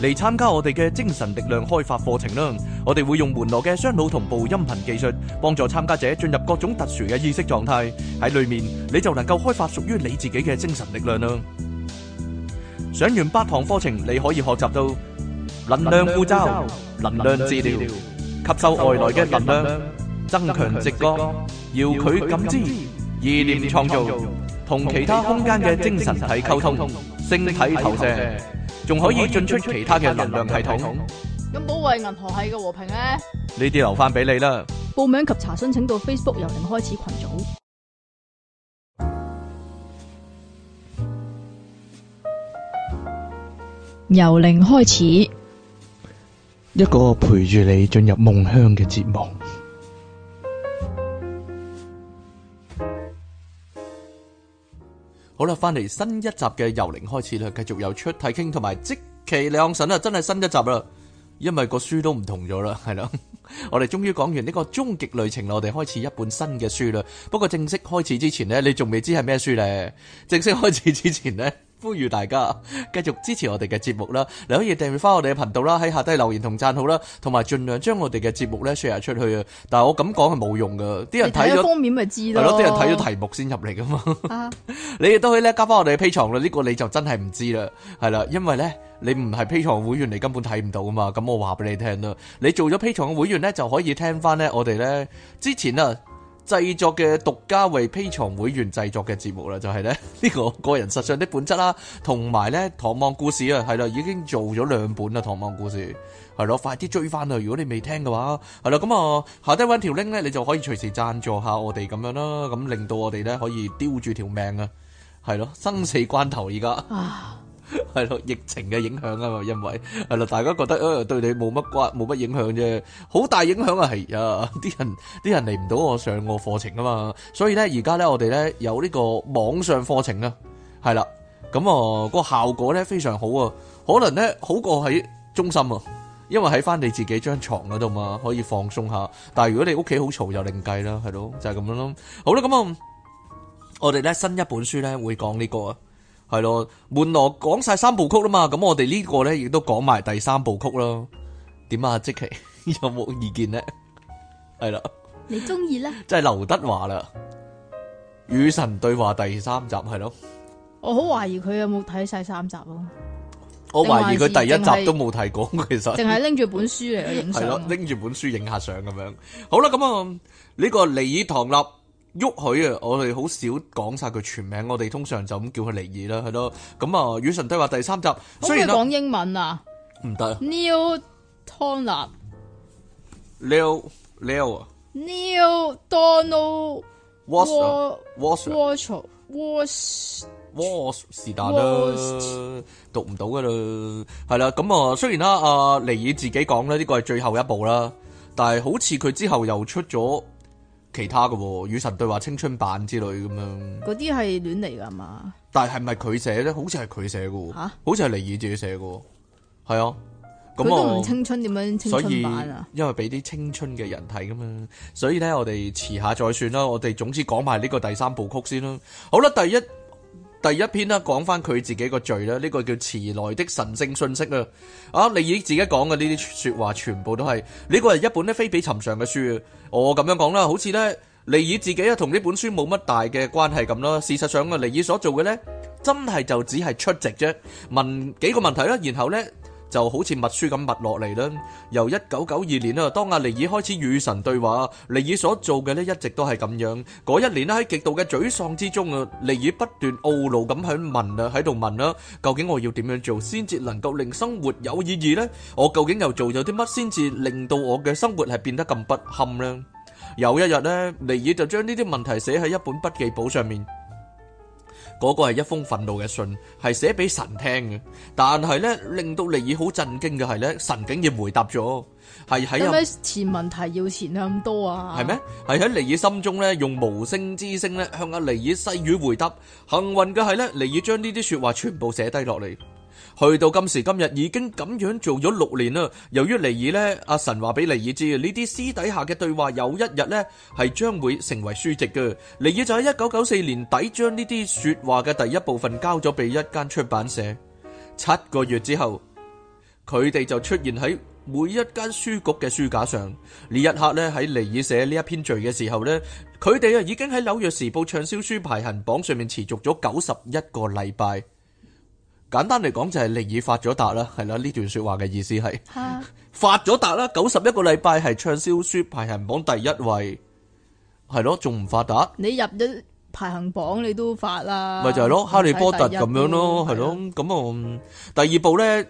嚟參加我哋嘅精神力量開發課程啦！我哋會用門羅嘅雙腦同步音頻技術，幫助參加者進入各種特殊嘅意識狀態。喺裏面你就能夠開發屬於你自己嘅精神力量啦！上完八堂課程，你可以學習到能量護罩、能量治療、吸收外來嘅能量、增強直覺、遙距感知、意念創造、同其他空間嘅精神體溝通、星體投射，仲可以進出其他嘅能量系統。咁保衛銀河系嘅和平咧？呢啲留翻俾你啦。報名及查詢請到 Facebook 由零開始群組，由零開始，一個陪住你進入夢鄉嘅節目。好啦，翻嚟新一集嘅由零開始啦，繼續由出體傾同埋即其兩神啦，真係新一集啦，因為個書都唔同咗啦，係咯， 我哋終於講完呢個終極旅程啦，我哋開始一本新嘅書啦，不過正式開始之前呢，你仲未知係咩書咧？正式開始之前呢。呼籲大家繼續支持我哋嘅節目啦，你可以訂閱翻我哋嘅頻道啦，喺下低留言同讚好啦，同埋盡量將我哋嘅節目咧 share 出去。便便啊！但係我咁講係冇用噶，啲人睇咗封面咪知道咯，係咯，啲人睇咗題目先入嚟噶嘛。你亦都可以咧加翻我哋嘅 P 床啦，呢個你就真係唔知啦，係啦，因為咧你唔係 P 床會員，你根本睇唔到噶嘛。咁我話俾你聽啦，你做咗 P 床嘅會員咧，就可以聽翻咧我哋咧之前啊。製作嘅獨家為 Patreon 會員製作嘅節目啦，就係咧呢個個人實相的本質啦，同埋咧唐望故事啊，係啦，已經做咗兩本啦，唐望故事係咯，快啲追翻去，如果你未聽嘅話，係啦，咁啊，下低揾條 link 咧，你就可以隨時贊助下我哋咁樣啦，咁令到我哋咧可以吊住條命啊，係咯，生死關頭而家。啊係咯， 疫情嘅影響啊嘛，因為係啦，大家覺得誒對你冇乜關冇乜影響啫，好大影響啊係啊，啲人啲人嚟唔到我上個課程啊嘛，所以咧而家咧我哋咧有呢個網上課程啊，係啦，咁啊個效果咧非常好啊，可能咧好過喺中心啊，因為喺翻你自己張床嗰度嘛，可以放鬆下，但係如果你屋企好嘈就另計啦，係咯，就係咁樣咯，好啦，咁啊我哋咧新一本書咧會講呢個啊。係咯，門羅講晒三部曲啦嘛，咁我哋呢個咧亦都講埋第三部曲咯。點啊，即奇？ 有冇意見咧？係啦，你中意啦，即係劉德華啦，《與神對話》第三集係咯。我好懷疑佢有冇睇晒三集咯。我懷疑佢第一集是都冇睇過，其實。淨係拎住本書嚟咯了，影相。拎住本書影下相咁樣。 好啦，咁啊，呢、這個李唐立。喐佢啊！我哋好少講晒佢全名，我哋通常就咁叫佢尼爾啦，係咯。咁、嗯、啊，《與神對話》第三集，所以講英文然行啊，唔得。啊。Newton，廖廖啊。Newton Donald，Walter，Walter，Walter，Walter，是但啦，讀唔到噶啦。係啦，咁啊，雖然啦，阿尼爾自己講咧，呢個係最後一步啦，但係好似佢之後又出咗。其他嘅《與神對話》青春版之類咁樣，嗰啲係亂嚟噶嘛？但係係咪佢寫咧？好似係佢寫嘅，嚇、啊，好似係尼爾自己寫嘅，係啊。咁都唔青春，點樣青春版啊？因為俾啲青春嘅人睇噶嘛。所以咧，我哋遲下再算啦。我哋總之講埋呢個第三部曲先啦。好啦，第一。第一篇啦，講翻佢自己個罪啦，呢、這個叫遲來的神聖信息啊！啊，利爾自己講嘅呢啲說話，全部都係呢個係一本咧非比尋常嘅書。我咁樣講啦，好似咧利爾自己啊同呢本書冇乜大嘅關係咁啦。事實上啊，利爾所做嘅咧，真係就只係出席啫，問幾個問題啦，然後咧。就好似默書咁默落嚟啦。由一九九二年啊，當阿尼爾開始與神對話，尼爾所做嘅咧一直都係咁樣。嗰一年咧，喺極度嘅沮喪之中啊，尼爾不斷懊惱咁喺問啊，喺度問啦，究竟我要點樣做先至能夠令生活有意義呢？我究竟又做咗啲乜先至令到我嘅生活係變得咁不堪呢？」有一日咧，尼爾就將呢啲問題寫喺一本筆記簿上面。嗰個係一封憤怒嘅信，係寫俾神聽嘅。但係咧，令到尼爾好震驚嘅係咧，神竟然回答咗，係喺、啊。有冇錢問題要錢咁多啊？係咩？係喺尼爾心中咧，用無聲之聲咧，向阿尼爾細語回答。幸運嘅係咧，尼爾將呢啲說話全部寫低落嚟。去到今時今日，已經咁樣做咗六年啦。由於尼爾呢，阿神話俾尼爾知，呢啲私底下嘅對話有一日呢係將會成為書籍嘅。尼爾就喺一九九四年底將呢啲說話嘅第一部分交咗俾一間出版社。七個月之後，佢哋就出現喺每一間書局嘅書架上。呢一刻呢，喺尼爾寫呢一篇序嘅時候呢，佢哋啊已經喺《紐約時報》暢銷書排行榜上面持續咗九十一個禮拜。簡單嚟講就係尼爾發咗達啦，係啦，呢段說話嘅意思係發咗達啦，九十一個禮拜係暢銷書排行榜第一位，係咯，仲唔發達？你入咗排行榜你都發啦，咪就係咯《哈利波特》咁樣咯，係咯，咁啊第二部咧，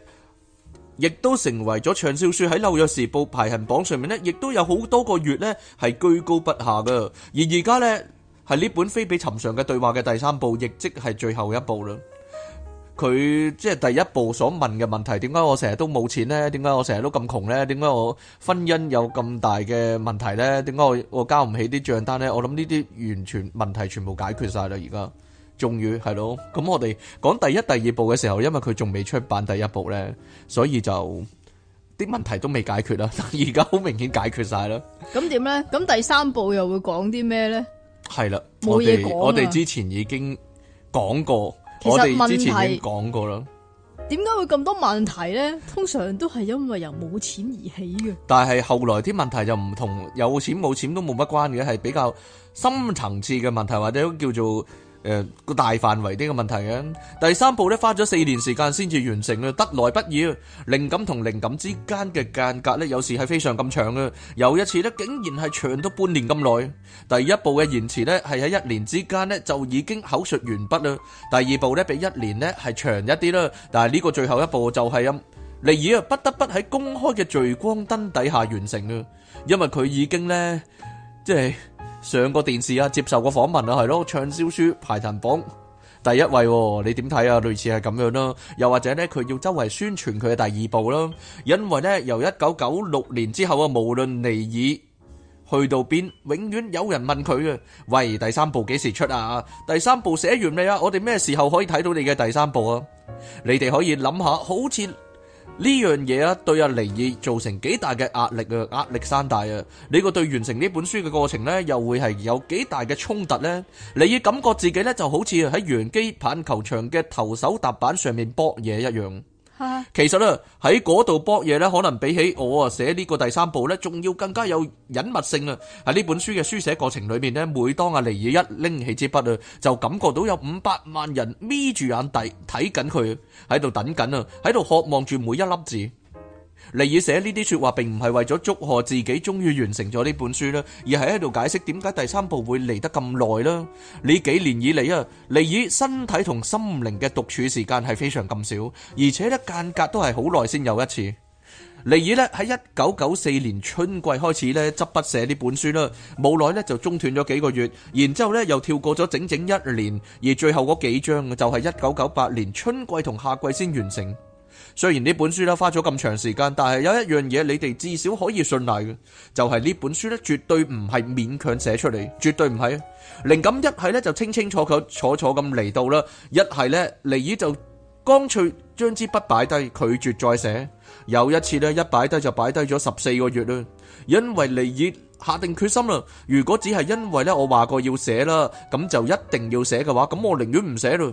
亦都成為咗暢銷書喺《紐約時報》排行榜上面咧，亦都有好多個月咧係居高不下噶，而而家咧係呢本《非比尋常嘅對話》嘅第三部，亦即係最後一部啦。佢即係第一步所問嘅問題，點解我成日都冇錢呢？點解我成日都咁窮呢？點解我婚姻有咁大嘅問題呢？點解我我交唔起啲賬單呢？我諗呢啲完全問題全部解決晒啦，而家終於係咯。咁我哋講第一、第二步嘅時候，因為佢仲未出版第一部呢，所以就啲問題都未解決啦。但而家好明顯解決晒啦。咁點呢？咁第三步又會講啲咩呢？係啦，我哋我哋之前已經講過。我哋之前已經講過啦，點解會咁多問題咧？通常都係因為由冇錢而起嘅。但係後來啲問題就唔同，有錢冇錢都冇乜關嘅，係比較深層次嘅問題或者叫做。誒，個大範圍呢個問題嘅第三部咧，花咗四年時間先至完成啊，得來不易。靈感同靈感之間嘅間隔咧，有時係非常咁長嘅。有一次咧，竟然係長到半年咁耐。第一步嘅延遲咧，係喺一年之間咧就已經口述完畢啦。第二部咧，比一年咧係長一啲啦。但係呢個最後一步就係咁，例如不得不喺公開嘅聚光燈底下完成嘅，因為佢已經咧，即係。上過電視啊，接受過訪問啊，係咯，暢銷書排行榜第一位，你點睇啊？類似係咁樣咯，又或者呢，佢要周圍宣傳佢嘅第二部啦，因為呢，由一九九六年之後啊，無論尼爾去到邊，永遠有人問佢啊，喂，第三部幾時出啊？第三部寫完未啊？我哋咩時候可以睇到你嘅第三部啊？你哋可以諗下，好似。呢樣嘢啊，對阿尼爾造成幾大嘅壓力啊，壓力山大啊！你，這個對完成呢本書嘅過程呢，又會係有幾大嘅衝突呢，尼爾感覺自己呢，就好似喺洋基棒球場嘅投手踏板上面搏嘢一樣。其實咧喺嗰度搏嘢咧，可能比起我啊寫呢個第三部咧，仲要更加有隱密性啦。喺呢本書嘅書寫過程裏面咧，每當阿尼爾一拎起支筆啊，就感覺到有五百萬人眯住眼底睇緊佢，喺度等緊啊，喺度渴望住每一粒字。尼爾寫呢啲説話並唔係為咗祝賀自己終於完成咗呢本書啦，而係喺度解釋點解第三部會嚟得咁耐啦。呢幾年以嚟啊，尼爾身體同心靈嘅獨處時間係非常咁少，而且咧間隔都係好耐先有一次。尼爾咧喺一九九四年春季開始咧執筆寫呢本書啦，無奈咧就中斷咗幾個月，然之後咧又跳過咗整整一年，而最後嗰幾章就係一九九八年春季同夏季先完成。雖然呢本書呢花咗咁長時間，但係有一樣嘢你哋至少可以信賴嘅，就係、是、呢本書呢絕對唔係勉強寫出嚟，絕對唔係。靈感一係呢，就清清楚楚楚楚咁嚟到啦，一係呢，尼爾就乾脆將支筆擺低，拒絕再寫。有一次呢，一擺低就擺低咗十四個月啦，因為尼爾下定決心啦，如果只係因為呢，我話過要寫啦，咁就一定要寫嘅話，咁我寧願唔寫咯。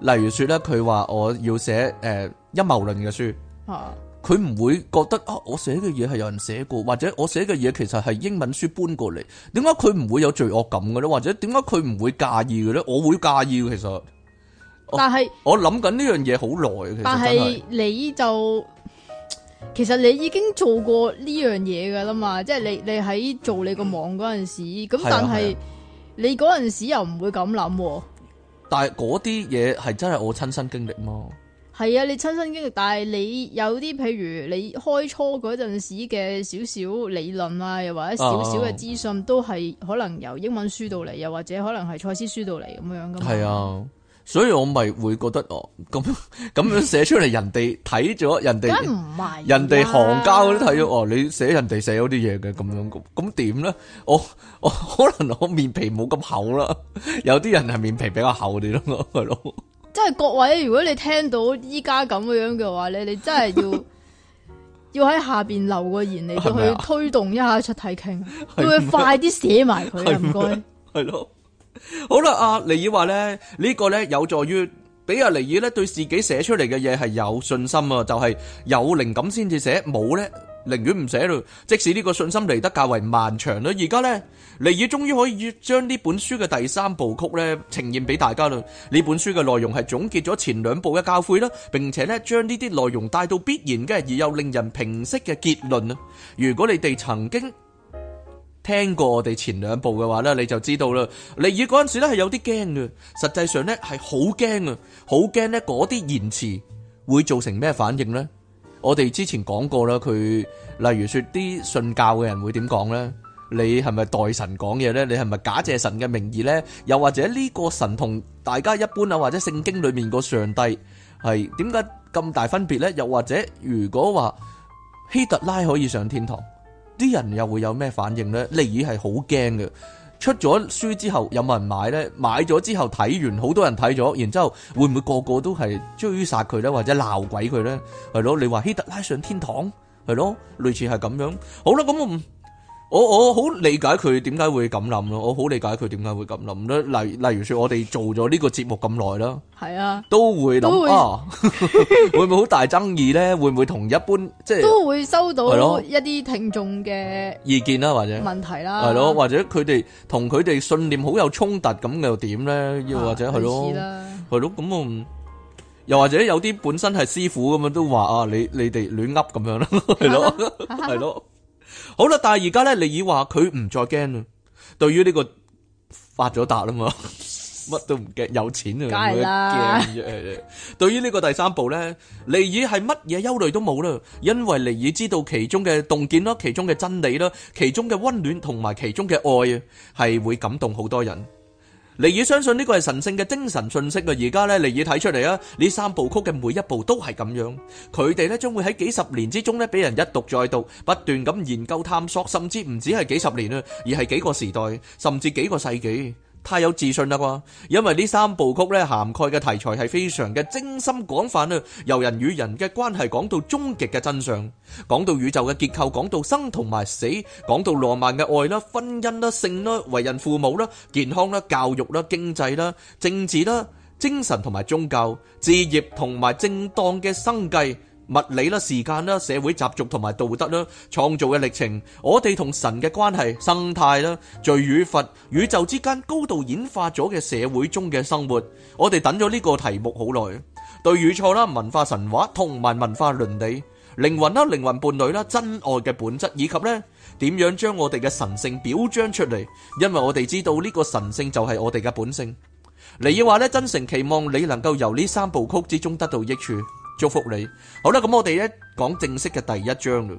例如說咧，佢話我要寫誒陰謀論嘅書，佢唔會覺得啊，我寫嘅嘢係有人寫過，或者我寫嘅嘢其實係英文書搬過嚟，點解佢唔會有罪惡感嘅咧？或者點解佢唔會介意嘅咧？我會介意嘅，其實。但係我諗緊呢樣嘢好耐，其實，但係你就其實你已經做過呢樣嘢噶啦嘛，即係你你喺做你個網嗰陣時，咁但係你嗰陣時又唔會咁諗喎。但係嗰啲嘢係真係我親身經歷嘛？係啊，你親身經歷，但係你有啲譬如你開初嗰陣時嘅少少理論啊，又或者少少嘅資訊，都係可能由英文書到嚟，又或者可能係賽斯書到嚟咁樣噶嘛。係啊。所以我咪會覺得哦，咁咁樣寫出嚟， 人哋睇咗，人哋人哋行家嗰啲睇咗哦，你寫人哋寫有啲嘢嘅咁樣，咁咁點咧？我我可能我面皮冇咁厚啦，有啲人係面皮比較厚啲咯，係咯。即係各位，如果你聽到依家咁嘅樣嘅話咧，你真係要 要喺下邊留個言嚟去推動一下出題 king，會唔會快啲寫埋佢啊？唔該嗎，係咯煩。好啦，阿尼爾話咧，呢個咧，有助於俾阿尼爾咧對自己寫出嚟嘅嘢係有信心啊，就係有靈感先至寫，冇咧寧願唔寫咯。即使呢個信心嚟得較為漫長啦，而家咧尼爾終於可以將呢本書嘅第三部曲咧呈現俾大家啦。呢本書嘅內容係總結咗前兩部嘅教誨啦，並且咧將呢啲內容帶到必然嘅而又令人平息嘅結論啊。如果你哋曾經。聽過我哋前兩部嘅話呢，你就知道啦。尼爾嗰陣時咧係有啲驚嘅，實際上呢，係好驚啊。好驚呢嗰啲言辭會造成咩反應呢？我哋之前講過啦，佢例如說啲信教嘅人會點講呢？你係咪代神講嘢呢？你係咪假借神嘅名義呢？又或者呢個神同大家一般啊？或者聖經裏面個上帝係點解咁大分別呢？又或者如果話希特拉可以上天堂？啲人又會有咩反應呢？例如係好驚嘅，出咗書之後有冇人買呢？買咗之後睇完，好多人睇咗，然之後會唔會個個都係追殺佢呢？或者鬧鬼佢呢？係咯？你話希特拉上天堂係咯？類似係咁樣。好啦，咁我、嗯。我我好理解佢點解會咁諗咯，我好理解佢點解會咁諗啦。例例如說，我哋做咗呢個節目咁耐啦，係啊，都會諗啊，會唔會好大爭議咧？會唔會同一般即係都會收到一啲聽眾嘅意見啦，或者問題啦，係咯，或者佢哋同佢哋信念好有衝突咁又點咧？又或者係咯，係咯，咁啊，又或者有啲本身係師傅咁樣都話啊，你你哋亂噏咁樣啦，係咯，係咯。好啦，但係而家咧，尼爾話佢唔再驚啦。對於呢個發咗達啦嘛，乜都唔驚，有錢啊。梗係啦。對於呢個第三部咧，尼爾係乜嘢憂慮都冇啦，因為尼爾知道其中嘅洞見咯，其中嘅真理咯，其中嘅溫暖同埋其中嘅愛啊，係會感動好多人。尼爾相信呢個係神聖嘅精神信息啊！而家咧，尼爾睇出嚟啊，呢三部曲嘅每一部都係咁樣，佢哋咧將會喺幾十年之中咧俾人一讀再讀，不斷咁研究探索，甚至唔止係幾十年啊，而係幾個時代，甚至幾個世紀。太有自信啦啩，因為呢三部曲咧涵蓋嘅題材係非常嘅精心廣泛啦，由人與人嘅關係講到終極嘅真相，講到宇宙嘅結構，講到生同埋死，講到浪漫嘅愛啦、婚姻啦、性啦、為人父母啦、健康啦、教育啦、經濟啦、政治啦、精神同埋宗教、事業同埋正當嘅生計。物理啦、時間啦、社會習俗同埋道德啦、創造嘅歷程，我哋同神嘅關係、生態啦、罪與罰、宇宙之間高度演化咗嘅社會中嘅生活，我哋等咗呢個題目好耐。對與錯啦、文化神話同埋文化倫理、靈魂啦、靈魂伴侶啦、真愛嘅本質以及呢點樣將我哋嘅神性表彰出嚟？因為我哋知道呢個神性就係我哋嘅本性。你要話呢，真誠期望你能夠由呢三部曲之中得到益處。祝福你，好啦，咁我哋咧，講正式嘅第一章啦。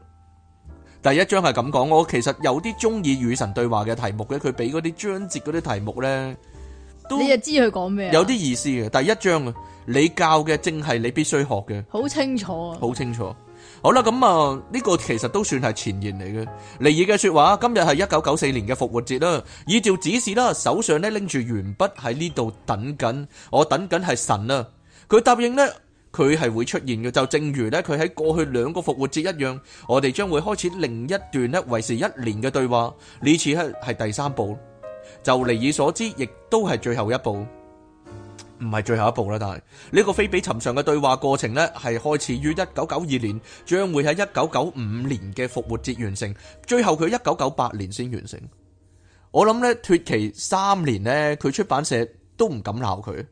第一章係咁講，我其實有啲中意與神對話嘅題目嘅，佢俾嗰啲章節嗰啲題目咧，你又知佢講咩？有啲意思嘅。第一章啊，你教嘅正係你必須學嘅，好清楚啊，好清楚。好啦，咁啊，呢個其實都算係前言嚟嘅。尼爾嘅說話，今日係一九九四年嘅復活節啦。依照指示啦，手上咧拎住鉛筆喺呢度等緊，我等緊係神啊，佢答應咧。佢係會出現嘅，就正如咧，佢喺過去兩個復活節一樣，我哋將會開始另一段咧維持一年嘅對話。呢次係係第三步，就尼爾所知，亦都係最後一步，唔係最後一步啦。但係呢個非比尋常嘅對話過程咧，係開始于一九九二年，將會喺一九九五年嘅復活節完成，最後佢一九九八年先完成。我諗咧脫期三年呢，佢出版社都唔敢鬧佢。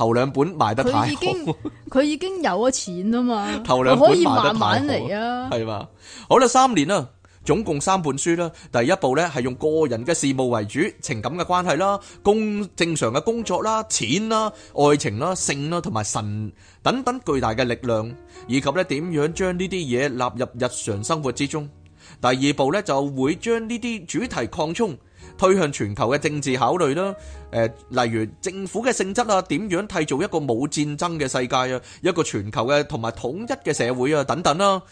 頭兩本賣得太好，佢已經佢已經有咗錢啦嘛。頭兩本可以慢慢嚟啊，係嘛？好啦，三年啦，總共三本書啦。第一部咧係用個人嘅事務為主，情感嘅關係啦，工正常嘅工作啦，錢啦，愛情啦，性啦，同埋神等等巨大嘅力量，以及咧點樣將呢啲嘢納入日常生活之中。第二部咧就會將呢啲主題擴充。推向全球嘅政治考慮啦，誒，例如政府嘅性質啊，點樣締造一個冇戰爭嘅世界啊，一個全球嘅同埋統一嘅社會啊，等等啦。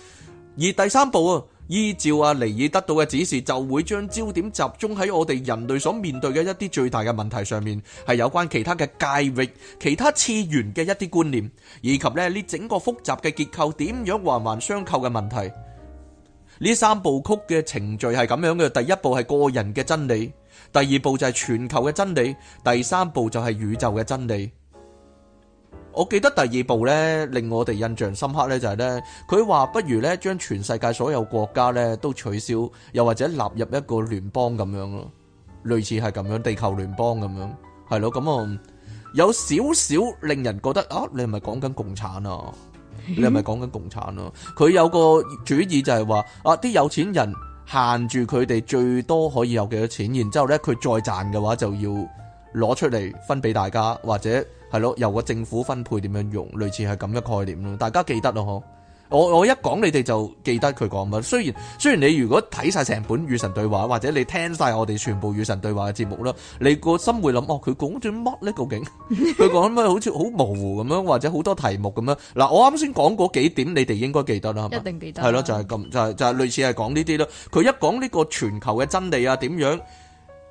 而第三步啊，依照阿尼爾得到嘅指示，就會將焦點集中喺我哋人類所面對嘅一啲最大嘅問題上面，係有關其他嘅界域、其他次元嘅一啲觀念，以及咧呢整個複雜嘅結構點樣環環相扣嘅問題。呢三部曲嘅程序係咁樣嘅，第一步係個人嘅真理，第二步就係全球嘅真理，第三步就係宇宙嘅真理。我記得第二部呢，令我哋印象深刻呢，就係呢，佢話不如呢將全世界所有國家呢都取消，又或者納入一個聯邦咁樣咯，類似係咁樣地球聯邦咁樣，係咯，咁啊有少少令人覺得啊，你係咪講緊共產啊？你係咪講緊共產咯？佢有個主意就係話啊，啲有錢人限住佢哋最多可以有幾多錢，然之後咧佢再賺嘅話就要攞出嚟分俾大家，或者係咯，由個政府分配點樣用，類似係咁嘅概念咯。大家記得咯呵。我我一講你哋就記得佢講乜。雖然雖然你如果睇晒成本與神對話，或者你聽晒我哋全部與神對話嘅節目啦，你個心會諗哦，佢講咗乜咧？究竟佢講乜好似好模糊咁樣，或者好多題目咁樣。嗱，我啱先講過幾點，你哋應該記得啦。一定記得。係咯，就係咁，就係就係類似係講呢啲咯。佢一講呢個全球嘅真理啊，點樣？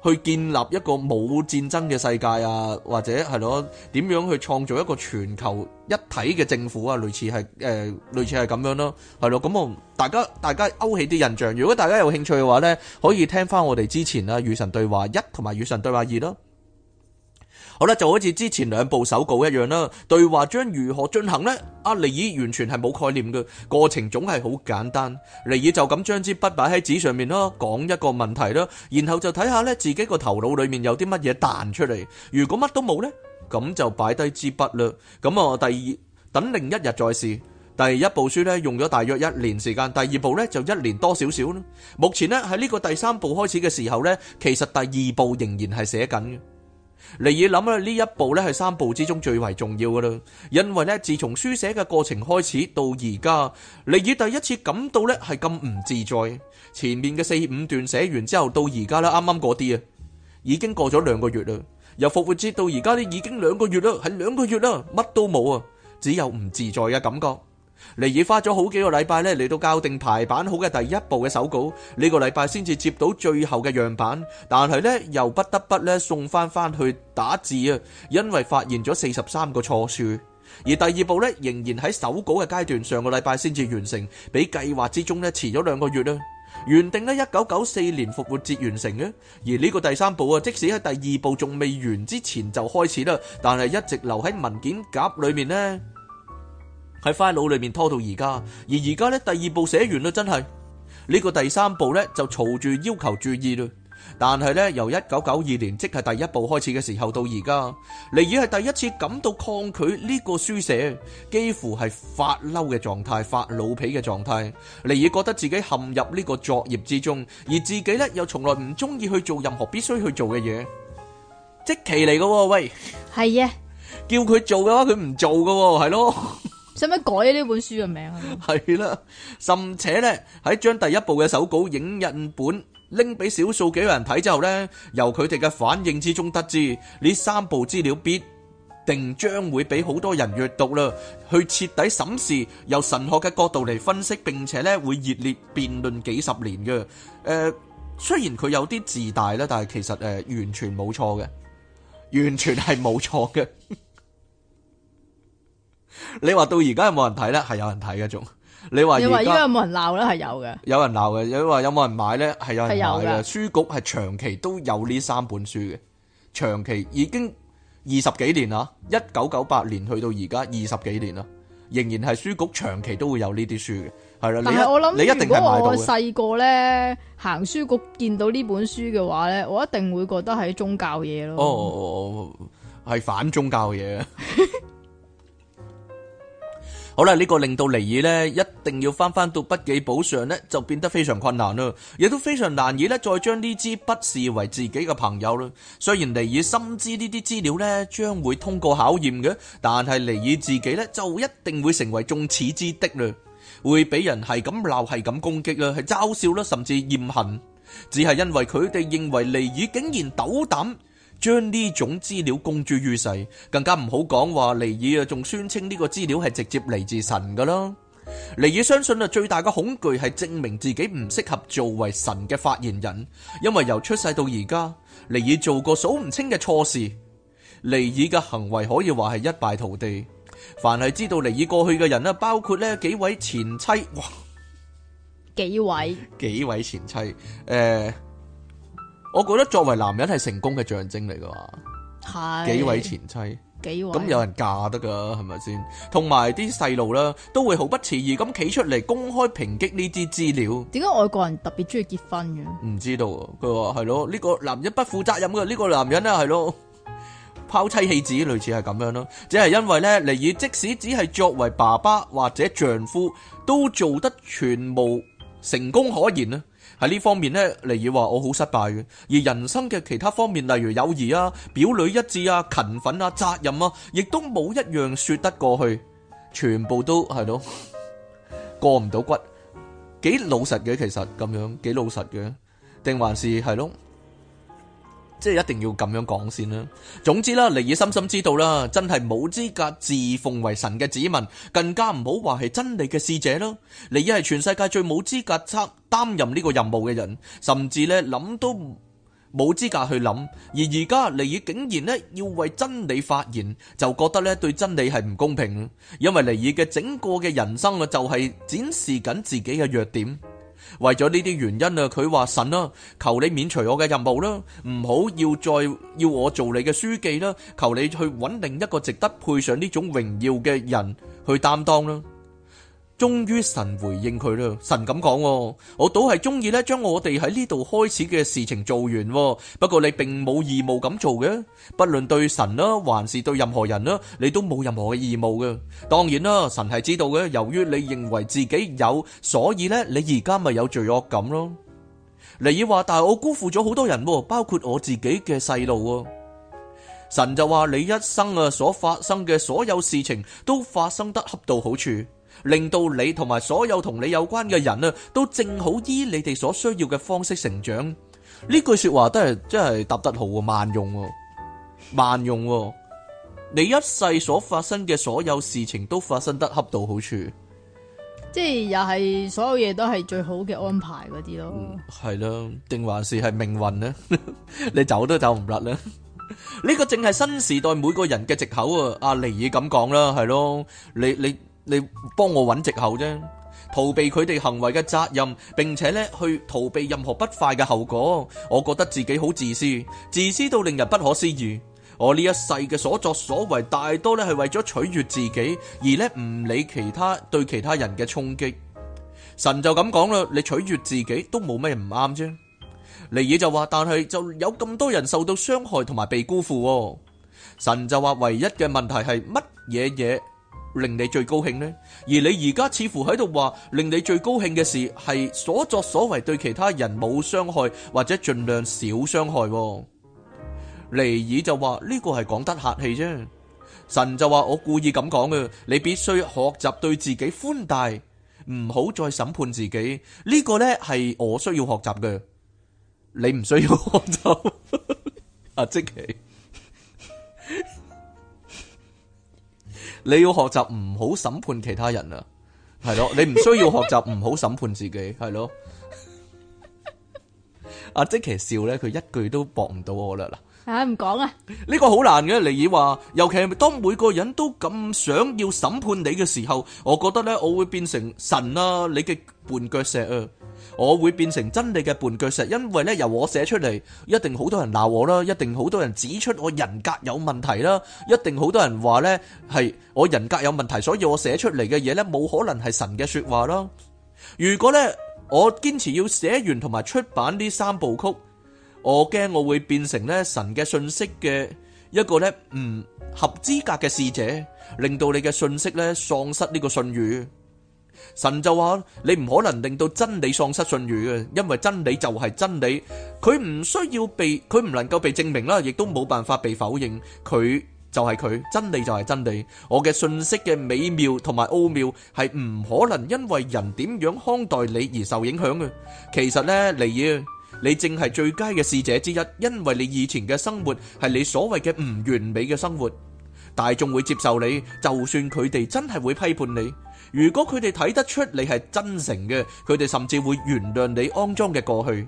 去建立一個冇戰爭嘅世界啊，或者係咯，點樣去創造一個全球一體嘅政府啊，類似係誒、呃、類似係咁樣咯，係咯，咁我大家大家勾起啲印象，如果大家有興趣嘅話咧，可以聽翻我哋之前啊《與神對話一》同埋《與神對話二》咯。好啦，就好似之前兩部手稿一樣啦。對話將如何進行呢？阿尼爾完全係冇概念嘅，過程總係好簡單。尼爾就咁將支筆擺喺紙上面咯，講一個問題咯，然後就睇下咧自己個頭腦裏面有啲乜嘢彈出嚟。如果乜都冇呢，咁就擺低支筆啦。咁、嗯、啊，第二等另一日再試。第一部書呢，用咗大約一年時間，第二部呢，就一年多少少啦。目前呢，喺呢個第三部開始嘅時候呢，其實第二部仍然係寫緊。尼爾諗啦，呢一步咧係三步之中最為重要噶啦，因為咧自從書寫嘅過程開始到而家，尼爾第一次感到咧係咁唔自在。前面嘅四五段寫完之後到而家啦，啱啱嗰啲啊，已經過咗兩個月啦，由復活節到而家咧已經兩個月啦，係兩個月啦，乜都冇啊，只有唔自在嘅感覺。尼爾花咗好幾個禮拜咧嚟，到校定排版好嘅第一部嘅手稿，呢、這個禮拜先至接到最後嘅樣版，但係咧又不得不咧送翻翻去打字啊，因為發現咗四十三個錯處。而第二部咧仍然喺手稿嘅階段，上個禮拜先至完成，比計劃之中咧遲咗兩個月啦。原定咧一九九四年復活節完成嘅，而呢個第三部啊，即使喺第二部仲未完之前就開始啦，但係一直留喺文件夾裏面呢。喺塊腦裏面拖到而家，而而家咧第二部寫完啦，真係呢、呢個第三部咧就嘈住要求注意啦。但係咧由一九九二年即係第一部開始嘅時候到而家，尼爾係第一次感到抗拒呢個書寫，幾乎係發嬲嘅狀態，發老脾嘅狀態。尼爾覺得自己陷入呢個作業之中，而自己咧又從來唔中意去做任何必須去做嘅嘢。即期嚟嘅喂，係啊的，叫佢做嘅話佢唔做嘅係咯。 使乜改呢本書嘅名啊？係啦，甚至咧喺將第一部嘅手稿影印本拎俾少數幾個人睇之後咧，由佢哋嘅反應之中得知呢三部資料必定將會俾好多人閱讀啦，去徹底審視，由神學嘅角度嚟分析，並且咧會熱烈辯論幾十年嘅。誒，雖然佢有啲自大啦，但係其實誒完全冇錯嘅，完全係冇錯嘅。你話到而家有冇人睇咧，係有人睇嘅仲。你話而家有冇人鬧咧？係有嘅。有人鬧嘅，有話有冇人買咧？係有,有人買嘅。有買有書局係長期都有呢三本書嘅，長期已經二十幾年啦，一九九八年去到而家二十幾年啦，仍然係書局長期都會有呢啲書嘅，係啦。但係我諗，你一,你一定係買到如果我細個咧行書局見到呢本書嘅話咧，我一定會覺得係宗教嘢咯。哦，係反宗教嘢。 好啦，呢個令到尼爾咧一定要翻翻到筆記簿上咧，就變得非常困難啦，亦都非常難以咧再將呢支筆視為自己嘅朋友啦。雖然尼爾深知呢啲資料咧將會通過考驗嘅，但係尼爾自己咧就一定會成為眾矢之的啦，會俾人係咁鬧，係咁攻擊啦，係嘲笑啦，甚至厭恨，只係因為佢哋認為尼爾竟然鬥膽，將呢種資料公諸於世，更加唔好講話。尼爾啊，仲宣稱呢個資料係直接嚟自神噶啦。尼爾相信啊，最大嘅恐懼係證明自己唔適合作為神嘅發言人，因為由出世到而家，尼爾做過數唔清嘅錯事。尼爾嘅行為可以話係一敗塗地。凡係知道尼爾過去嘅人啦，包括呢幾位前妻，哇，幾位幾位前妻，誒、呃。我覺得作為男人係成功嘅象徵嚟噶，幾位前妻，幾位咁有人嫁得噶，係咪先？同埋啲細路咧都會毫不遲疑咁企出嚟，公開抨擊呢啲資料。點解外國人特別中意結婚嘅？唔知道啊。佢話係咯，呢個男人不負責任嘅，呢個男人啊係咯，拋妻棄子類似係咁樣咯。只係因為咧，尼爾即使只係作為爸爸或者丈夫，都做得全無成功可言啊！喺呢方面咧，例如話我好失敗嘅，而人生嘅其他方面，例如友誼啊、表裏一致啊、勤奮啊、責任啊，亦都冇一樣說得過去，全部都係咯，過唔到骨，幾老實嘅其實咁樣，幾老實嘅，定還是係咯？即係一定要咁樣講先啦。總之啦，尼爾深深知道啦，真係冇資格自奉為神嘅子民，更加唔好話係真理嘅使者咯。尼爾係全世界最冇資格測擔任呢個任務嘅人，甚至咧諗都冇資格去諗。而而家尼爾竟然咧要為真理發言，就覺得咧對真理係唔公平。因為尼爾嘅整個嘅人生啊，就係展示緊自己嘅弱點。為咗呢啲原因啊，佢話，神啊，求你免除我嘅任務啦，唔好要再要我做你嘅書記啦，求你去搵另一個值得配上呢種榮耀嘅人去擔當啦。終於神回應佢啦。神咁講：，我倒係中意咧，將我哋喺呢度開始嘅事情做完。不過你並冇義務咁做嘅，不論對神啦，還是對任何人啦，你都冇任何嘅義務嘅。當然啦，神係知道嘅。由於你認為自己有，所以咧，你而家咪有罪惡感咯。尼爾話：，但係我辜負咗好多人，包括我自己嘅細路。神就話：，你一生啊，所發生嘅所有事情都發生得恰到好處。令到你同埋所有同你有關嘅人呢，都正好以你哋所需要嘅方式成長。呢句說話都係真係答得好啊，萬用，萬用。你一世所發生嘅所有事情都發生得恰到好處，即係又係所有嘢都係最好嘅安排嗰啲咯。係咯，定還是係命運呢？你走都走唔甩呢？呢個正係新時代每個人嘅藉口啊！阿尼爾咁講啦，係咯，你你。你幫我揾藉口啫，逃避佢哋行為嘅責任，並且咧去逃避任何不快嘅後果。我覺得自己好自私，自私到令人不可思議。我呢一世嘅所作所為，大多咧係為咗取悅自己，而咧唔理其他對其他人嘅衝擊。神就咁講啦，你取悅自己都冇咩唔啱啫。尼爾就話，但係就有咁多人受到傷害同埋被辜負。神就話，唯一嘅問題係乜嘢嘢？令你最高興呢？而你而家似乎喺度話，令你最高興嘅事係所作所為對其他人冇傷害或者盡量少傷害。尼爾就話呢個係講得客氣啫。神就話，我故意咁講嘅，你必須學習對自己寬大，唔好再審判自己。呢、這個呢係我需要學習嘅，你唔需要學習 啊！即正奇。 你要學習唔好審判其他人啊，係咯？你唔需要學習唔好審判自己，係咯？阿即奇笑咧，佢一句都駁唔到我啦，嗱，唉唔講啊，呢個好難嘅，尼爾話，尤其係當每個人都咁想要審判你嘅時候，我覺得咧我會變成神啦、啊，你嘅絆腳石啊。我會變成真理嘅絆腳石，因為咧由我寫出嚟，一定好多人鬧我啦，一定好多人指出我人格有問題啦，一定好多人話呢係我人格有問題，所以我寫出嚟嘅嘢呢冇可能係神嘅說話啦。如果呢，我堅持要寫完同埋出版呢三部曲，我驚我會變成咧神嘅信息嘅一個呢唔合資格嘅使者，令到你嘅信息呢喪失呢個信譽。神就話,你唔可能令到真理喪失信譽嘅,因為真理就係真理。佢唔需要被,佢唔能夠被證明啦,亦都冇辦法被否認,佢就係佢,真理就係真理。我嘅信息嘅美妙同埋奧妙,係唔可能因為人點樣看待你而受影響嘅。其實呢,你正係最佳嘅使者之一,因為你以前嘅生活係你所謂嘅唔完美嘅生活。大眾會接受你,就算佢哋真係會批判你。如果佢哋睇得出你係真誠嘅，佢哋甚至會原諒你骯髒嘅過去。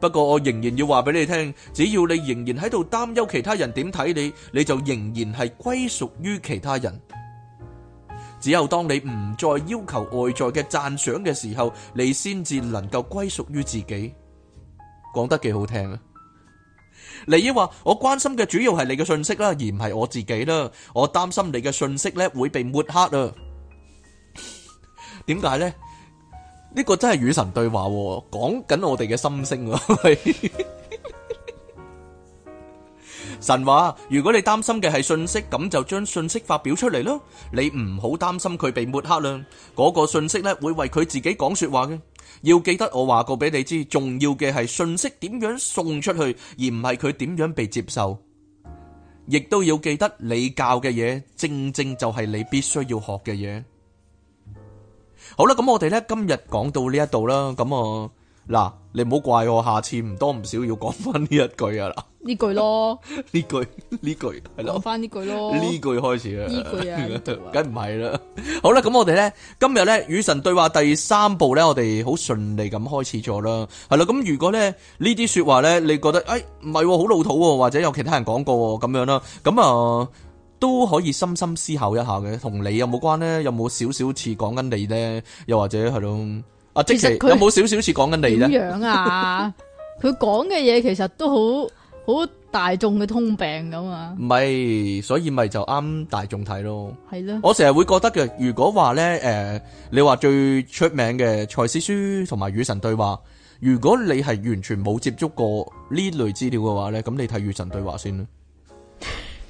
不過我仍然要話俾你聽，只要你仍然喺度擔憂其他人點睇你，你就仍然係歸屬於其他人。只有當你唔再要求外在嘅讚賞嘅時候，你先至能夠歸屬於自己。講得幾好聽啊！你依話我關心嘅主要係你嘅信息啦，而唔係我自己啦。我擔心你嘅信息咧會被抹黑啊！點解呢？呢個真係與神對話，講緊我哋嘅心聲。 神話：如果你擔心嘅係信息，咁就將信息發表出嚟咯。你唔好擔心佢被抹黑啦。嗰個信息咧會為佢自己講說話嘅。要記得我話過俾你知，重要嘅係信息點樣送出去，而唔係佢點樣被接受。亦都要記得你教嘅嘢，正正就係你必須要學嘅嘢。好啦，咁我哋咧今日講到呢一度啦，咁啊嗱，你唔好怪我，下次唔多唔少要講翻呢一句啊啦，呢句咯，呢 句呢句係咯，講翻呢句咯，呢 句開始啦，呢句啊，梗唔係啦。 好啦，咁我哋咧今日咧與神對話第三部咧，我哋好順利咁開始咗啦，係啦。咁如果咧呢啲說話咧，你覺得誒唔係好老土喎，或者有其他人講過咁樣啦，咁啊。都可以深深思考一下嘅，同你有冇關呢？有冇少少似講緊你呢？又或者係咯？實啊，即係有冇少少似講緊你呢？點樣啊？佢講嘅嘢，其實都好好大眾嘅通病咁啊！唔係，所以咪就啱大眾睇咯。係咯的，我成日會覺得嘅。如果話呢，誒、呃，你話最出名嘅《蔡斯書》同埋《與神對話》，如果你係完全冇接觸過呢類資料嘅話呢，咁你睇《與神對話》先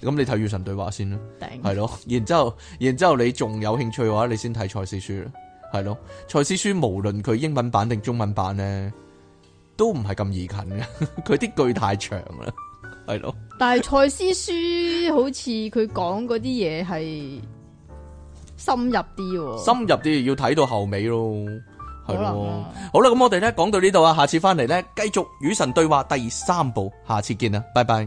咁你睇與神對話先啦，係咯了，然之後，然之後你仲有興趣嘅話，你先睇賽斯書啦，係咯，賽斯書無論佢英文版定中文版咧，都唔係咁易近嘅，佢 啲句太長啦，係咯。但係賽斯書好似佢講嗰啲嘢係深入啲，深入啲要睇到後尾咯，係咯。好啦，咁我哋咧講到呢度啊，下次翻嚟咧繼續與神對話第三部，下次見啦，拜拜。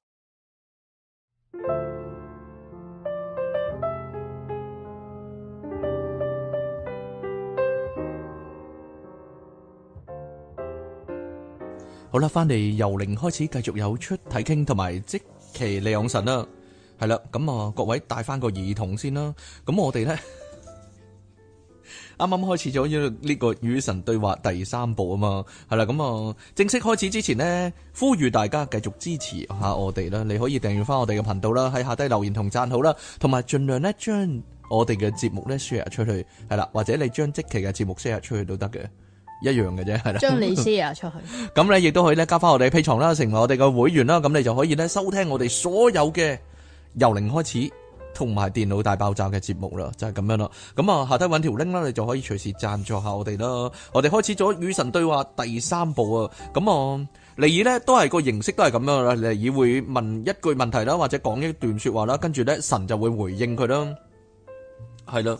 好啦，翻嚟由零開始，繼續有出體傾同埋積期利用神啦，係啦，咁啊，各位帶翻個耳筒先啦，咁我哋咧啱啱開始咗呢呢個與神對話第三部啊嘛，係啦，咁啊，正式開始之前呢，呼籲大家繼續支持下我哋啦，你可以訂閱翻我哋嘅頻道啦，喺下低留言同讚好啦，同埋盡量咧將我哋嘅節目咧 share 出去，係啦，或者你將積期嘅節目 share 出去都得嘅。一樣嘅啫，係啦。將你 share 出去，咁 你亦都可以咧加翻我哋 P 床啦，成為我哋嘅會員啦。咁你就可以咧收聽我哋所有嘅《由零開始》同埋《電腦大爆炸》嘅節目啦，就係咁樣啦。咁啊，下低揾條 link 啦，你就可以隨時贊助下我哋啦。我哋開始咗與神對話第三部啊。咁我尼爾呢，都係個形式都係咁樣啦。尼爾會問一句問題啦，或者講一段說話啦，跟住咧神就會回應佢啦。係啦，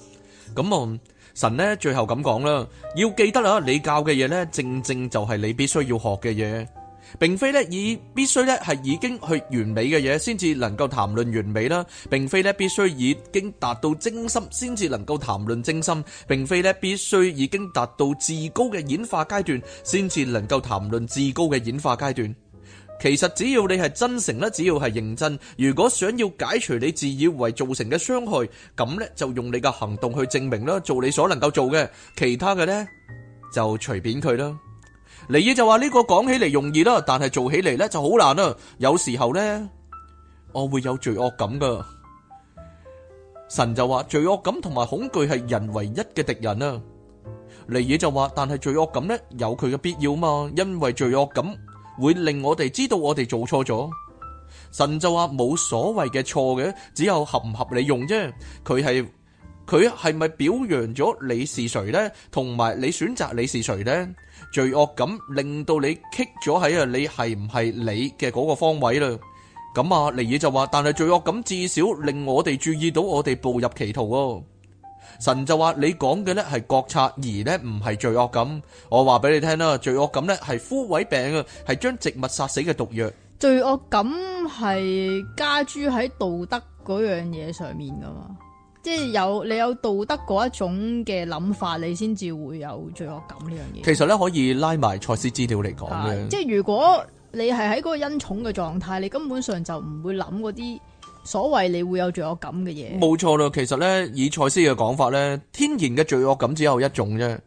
咁我。神咧，最後咁講啦，要記得啦，你教嘅嘢咧，正正就係你必須要學嘅嘢，並非咧以必須咧係已經去完美嘅嘢先至能夠談論完美啦，並非咧必須已經達到精深先至能夠談論精深，並非咧必須已經達到至高嘅演化階段先至能夠談論至高嘅演化階段。其實只要你係真誠咧，只要係認真，如果想要解除你自以為造成嘅傷害，咁咧就用你嘅行動去證明啦，做你所能夠做嘅，其他嘅咧就隨便佢啦。尼爾就話呢個講起嚟容易啦，但係做起嚟咧就好難啦。有時候咧，我會有罪惡感噶。神就話，罪惡感同埋恐懼係人唯一嘅敵人啊。尼爾就話，但係罪惡感咧有佢嘅必要嘛，因為罪惡感，會令我哋知道我哋做錯咗，神就話冇所謂嘅錯嘅，只有合唔合理用啫。佢係佢係咪表揚咗你是誰呢？同埋你選擇你是誰呢？罪惡感令到你棘咗喺啊，你係唔係你嘅嗰個方位啦？咁啊，尼爾就話，但係罪惡感至少令我哋注意到我哋步入歧途哦。神就話你講嘅呢係國策，而呢唔係罪惡感。我話俾你聽啦，罪惡感呢係枯萎病啊，係將植物殺死嘅毒藥。罪惡感係加諸喺道德嗰樣嘢上面噶嘛，即係有你有道德嗰一種嘅諗法，你先至會有罪惡感呢樣嘢。其實呢可以拉埋蔡司資料嚟講嘅，即係如果你係喺嗰個恩寵嘅狀態，你根本上就唔會諗嗰啲。所謂你會有罪惡感嘅嘢，冇錯啦。其實咧，以賽斯嘅講法咧，天然嘅罪惡感只有一種啫。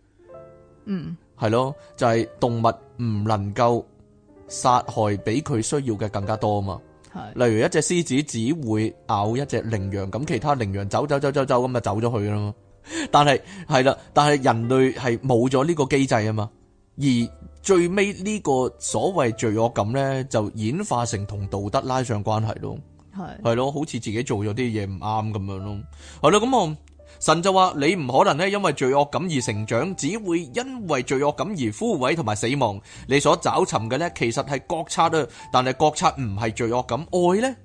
嗯，係咯，就係、是、動物唔能夠殺害比佢需要嘅更加多啊嘛。係是，例如一隻獅子只會咬一隻羚羊，咁其他羚羊走走走走走咁就走咗去啦。但係係啦，但係人類係冇咗呢個機制啊嘛。而最尾呢個所謂罪惡感咧，就演化成同道德拉上關係咯。係，咯，好似自己做咗啲嘢唔啱咁樣咯。係咯，咁我神就話你唔可能咧，因為罪惡感而成長，只會因為罪惡感而枯萎同埋死亡。你所找尋嘅咧，其實係覺察啊，但係覺察唔係罪惡感，愛咧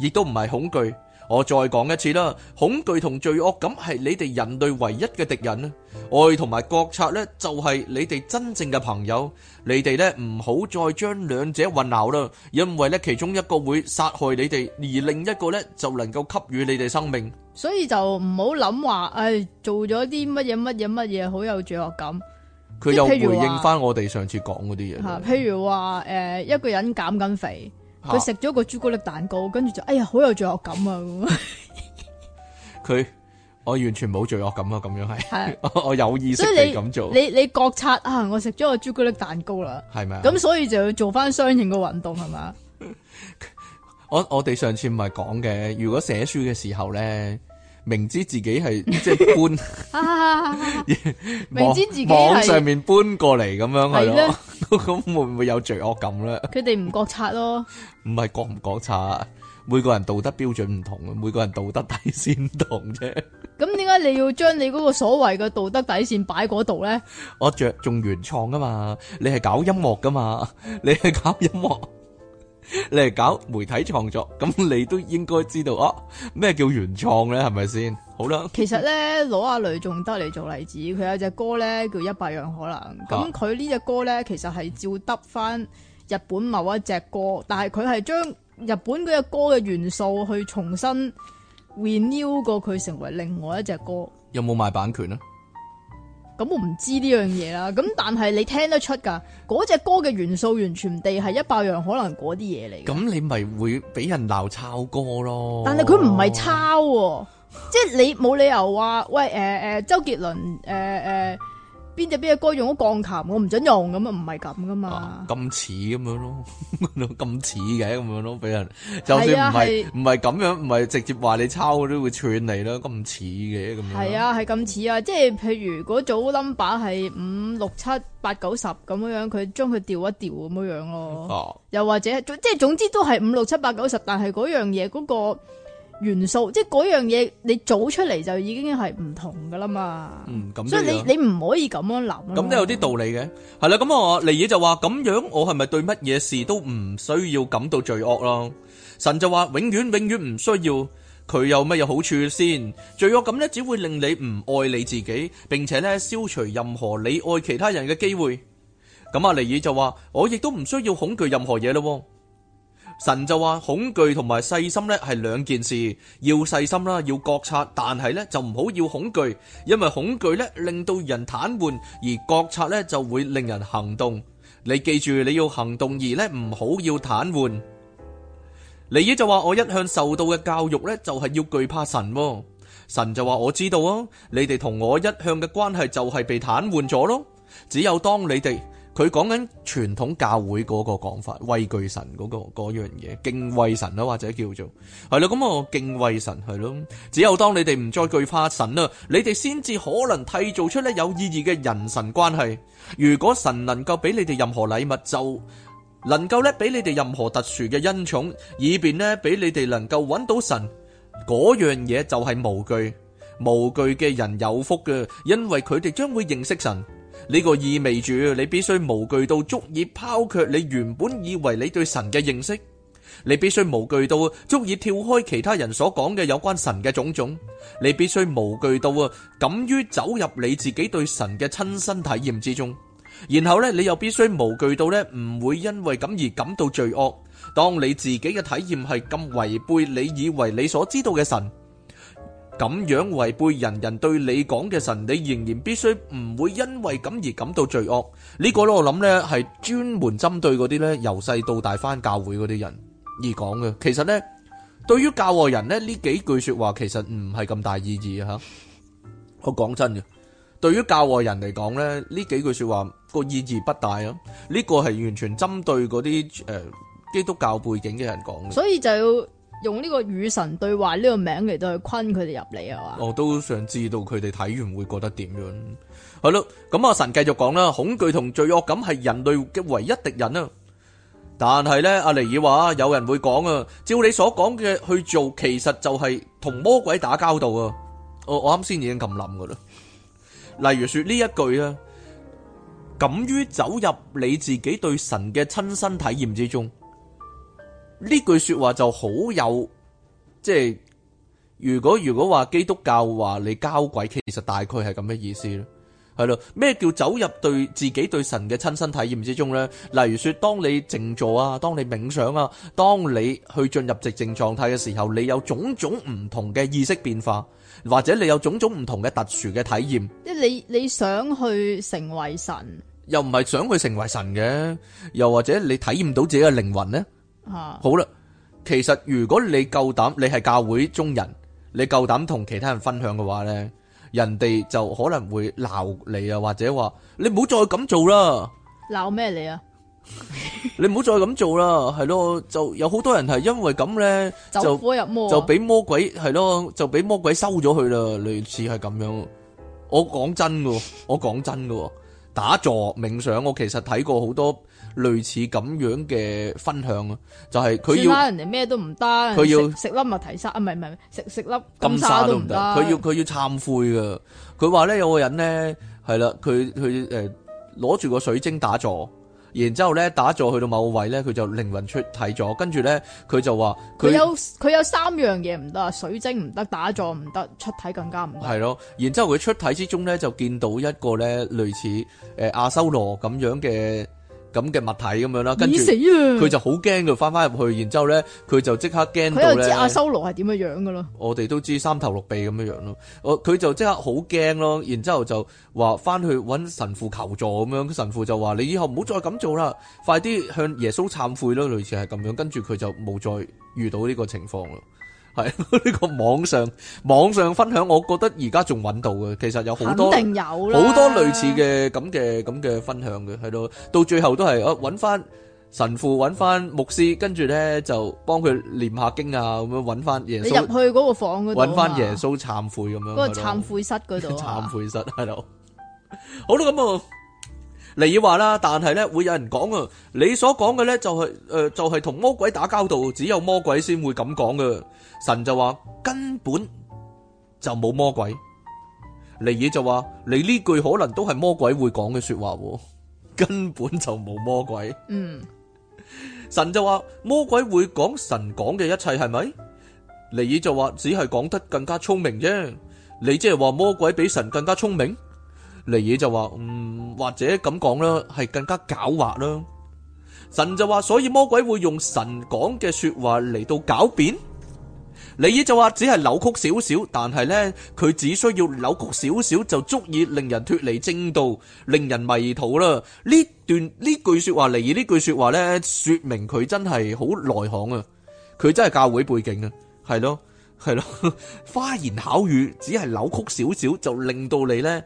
亦都唔係恐懼。我再講一次啦，恐懼同罪惡感係你哋人類唯一嘅敵人啊！愛同埋覺察咧就係你哋真正嘅朋友，你哋咧唔好再將兩者混淆啦，因為咧其中一個會殺害你哋，而另一個咧就能夠給予你哋生命。所以就唔好諗話，唉，做咗啲乜嘢乜嘢乜嘢，好有罪惡感。佢又回應翻我哋上次講嗰啲嘢。譬如話，誒，一個人減緊肥。佢食咗個朱古力蛋糕，跟住就哎呀，好有罪惡感啊！咁 ，佢我完全冇罪惡感啊，咁樣係，啊、 我我有意識地咁做，你你覺察啊，我食咗個朱古力蛋糕啦，係咪啊？咁所以就要做翻相應嘅運動係嘛 ？我我哋上次唔係講嘅，如果寫書嘅時候咧。明知自己係即係搬 啊，明知自己係網上面搬過嚟咁樣係咯，咁的 會唔會有罪惡感咧？佢哋唔覺察咯，唔係覺唔覺察，每個人道德標準唔同嘅，每個人道德底線唔同啫。咁點解你要將你嗰個所謂嘅道德底線擺嗰度咧？我着重原創噶嘛？你係搞音樂噶嘛？你係搞音樂。你係搞媒體創作，咁你都應該知道哦，咩、啊、叫原創咧？係咪先？好啦，其實咧，攞阿雷仲德嚟做例子，佢有隻歌咧叫《一百樣可能》，咁佢呢隻歌咧，其實係照得翻日本某一隻歌，但係佢係將日本嗰隻歌嘅元素去重新 renew 過佢，成為另外一隻歌。啊、有冇賣版權啊？咁、嗯、我唔知呢樣嘢啦，咁但係你聽得出噶嗰隻歌嘅元素，完全地係一百樣可能嗰啲嘢嚟。咁你咪會俾人鬧抄歌咯？但係佢唔係抄。 即係你冇理由話喂，誒誒、呃呃、周杰倫、誒誒、呃呃邊隻邊隻歌用咗鋼琴，我唔准用咁啊，唔係咁噶嘛，咁似咁樣咯，咁似嘅咁樣咯，俾人、啊、就算唔係唔係咁樣，唔係直接話你抄，都會串你咯，咁似嘅咁樣。係啊，係咁似啊，即係譬如嗰組 number 係五六七八九十咁樣樣，佢將佢調一調咁樣樣咯。啊、又或者即係總之都係五六七八九十，但係嗰樣嘢嗰個。元素即係嗰樣嘢，你做出嚟就已經係唔同噶啦嘛。嗯，所以你你唔可以咁樣諗咯。咁都有啲道理嘅，係啦。咁啊，尼爾就話咁樣，我係咪對乜嘢事都唔需要感到罪惡咯？神就話，永遠永遠唔需要，佢有乜嘢好處先，罪惡咁呢，只會令你唔愛你自己，並且呢，消除任何你愛其他人嘅機會。咁啊，尼爾就話我亦都唔需要恐懼任何嘢咯。神就話恐懼同埋細心咧係兩件事，要細心啦，要覺察，但係咧就唔好要，要恐懼，因為恐懼咧令到人癱瘓，而覺察咧就會令人行動。你記住你要行動，而咧唔好要癱瘓。尼爾就話我一向受到嘅教育咧就係要懼怕神，神就話我知道啊，你哋同我一向嘅關係就係被癱瘓咗咯，只有當你哋。佢講緊傳統教會嗰個講法，畏懼神嗰個嗰樣嘢，敬畏神啦，或者叫做係啦。咁我敬畏神係咯。只有當你哋唔再懼怕神啦，你哋先至可能締造出咧有意義嘅人神關係。如果神能夠俾你哋任何禮物，就能夠咧俾你哋任何特殊嘅恩寵，以便咧俾你哋能夠揾到神嗰樣嘢，就係無懼，無懼嘅人有福嘅，因為佢哋將會認識神。呢個意味住你必須無懼到足以拋卻你原本以為你對神嘅認識，你必須無懼到足以跳開其他人所講嘅有關神嘅種種，你必須無懼到啊，敢於走入你自己對神嘅親身體驗之中，然後咧你又必須無懼到咧唔會因為咁而感到罪惡，當你自己嘅體驗係咁違背你以為你所知道嘅神。咁樣違背人人對你講嘅神，你仍然必須唔會因為咁而感到罪惡。呢個咧我諗咧係專門針對嗰啲咧由細到大返教會嗰啲人而講嘅。其實咧對於教外人咧呢幾句說話其實唔係咁大意義吓。我講真嘅，對於教外人嚟講咧呢幾句說話個意義不大啊。呢個係完全針對嗰啲誒基督教背景嘅人講嘅。所以就要。用呢個與神對話呢個名嚟到去坤佢哋入嚟啊！我都想知道佢哋睇完會覺得點樣？係咯，咁阿神繼續講啦，恐懼同罪惡感係人類嘅唯一敵人啦。但係呢，阿尼爾話有人會講啊，照你所講嘅去做，其實就係同魔鬼打交道啊！我我啱先已經咁諗噶啦。例如說呢一句啊，敢於走入你自己對神嘅親身體驗之中。呢句說話就好有，即係如果如果話基督教話你交鬼，其實大概係咁嘅意思咯。係咯，咩叫走入對自己對神嘅親身體驗之中呢？例如說，當你靜坐啊，當你冥想啊，當你去進入寂靜狀態嘅時候，你有種種唔同嘅意識變化，或者你有種種唔同嘅特殊嘅體驗。即你你想去成為神，又唔係想去成為神嘅，又或者你體驗到自己嘅靈魂呢？好啦，其實如果你夠膽，你係教會中人，你夠膽同其他人分享嘅話咧，人哋就可能會鬧你啊，或者話你唔好再咁做啦。鬧咩你啊？你唔好再咁做啦，係咯，就有好多人係因為咁咧，就就俾魔鬼係咯，就俾魔鬼收咗佢啦，類似係咁樣。我講真噶，我講真噶，打坐冥想，我其實睇過好多。類似咁樣嘅分享咯，就係、是、佢要，算啦，人哋咩都唔得，佢要食，食粒麥提莎啊，唔係，唔係，食食粒金沙都唔得，佢要佢要懺悔噶。佢話咧有個人咧係啦，佢佢誒攞住個水晶打坐，然之後咧打坐去到某個位咧，佢就靈魂出體咗，跟住咧佢就話佢有佢有三樣嘢唔得，水晶唔得，打坐唔得，出體更加唔得。係咯，然之後佢出體之中咧就見到一個咧類似誒阿修羅咁樣嘅。咁嘅物體咁樣啦，跟住佢就好驚佢翻翻入去，然之後咧佢就即刻驚到知阿修羅係點樣樣嘅咯。我哋都知三頭六臂咁樣樣咯。我佢就即刻好驚咯，然之後就話翻去揾神父求助咁樣，神父就話你以後唔好再咁做啦，快啲向耶穌懺悔咯，類似係咁樣。跟住佢就冇再遇到呢個情況啦。係呢個網上網上分享，我覺得而家仲揾到嘅，其實有好多一定有好多類似嘅咁嘅咁嘅分享嘅喺度，到最後都係啊揾翻神父揾翻牧師，跟住咧就幫佢念下經啊，咁樣揾翻耶穌。你入去嗰個房嗰度揾翻耶穌懺悔咁樣，嗰個懺悔室嗰度啊，懺悔室喺度。好啦，咁啊。尼爾話啦，但係咧，會有人講啊，你所講嘅咧就係、是、誒、呃、就係、是、同魔鬼打交道，只有魔鬼先會咁講嘅。神就話根本就冇魔鬼。尼爾就話你呢句可能都係魔鬼會講嘅說話，根本就冇魔鬼。嗯，神就話魔鬼會講神講嘅一切係咪？尼爾就話只係講得更加聰明啫。你即係話魔鬼比神更加聰明？尼爾就話，嗯，或者咁講啦，係更加狡猾啦。神就話，所以魔鬼會用神講嘅說話嚟到狡辯。尼爾就話，只係扭曲少少，但係呢，佢只需要扭曲少少就足以令人脱離正道，令人迷途啦。呢段呢句說話，尼爾呢句說話呢，說明佢真係好內行啊！佢真係教會背景啊，係咯，係咯， 花言巧語，只係扭曲少少就令到你呢。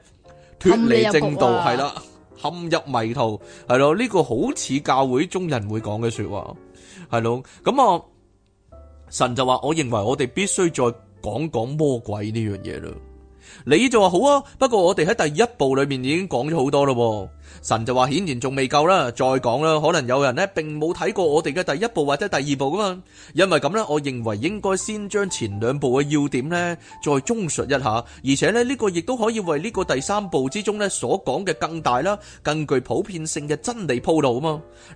脫離正道係啦，啊，陷入迷途係咯，呢、這個好似教會中人會講嘅說話係咯，咁啊，神就話：我認為我哋必須再講講魔鬼呢樣嘢啦。你就話好啊，不過我哋喺第一部裏面已經講咗好多啦，神就話顯然仲未夠啦，再講啦，可能有人呢並冇睇過我哋嘅第一部或者第二部噶嘛，因為咁呢，我認為應該先將前兩部嘅要點呢再綜述一下，而且呢，呢個亦都可以為呢個第三部之中呢所講嘅更大啦，更具普遍性嘅真理鋪路啊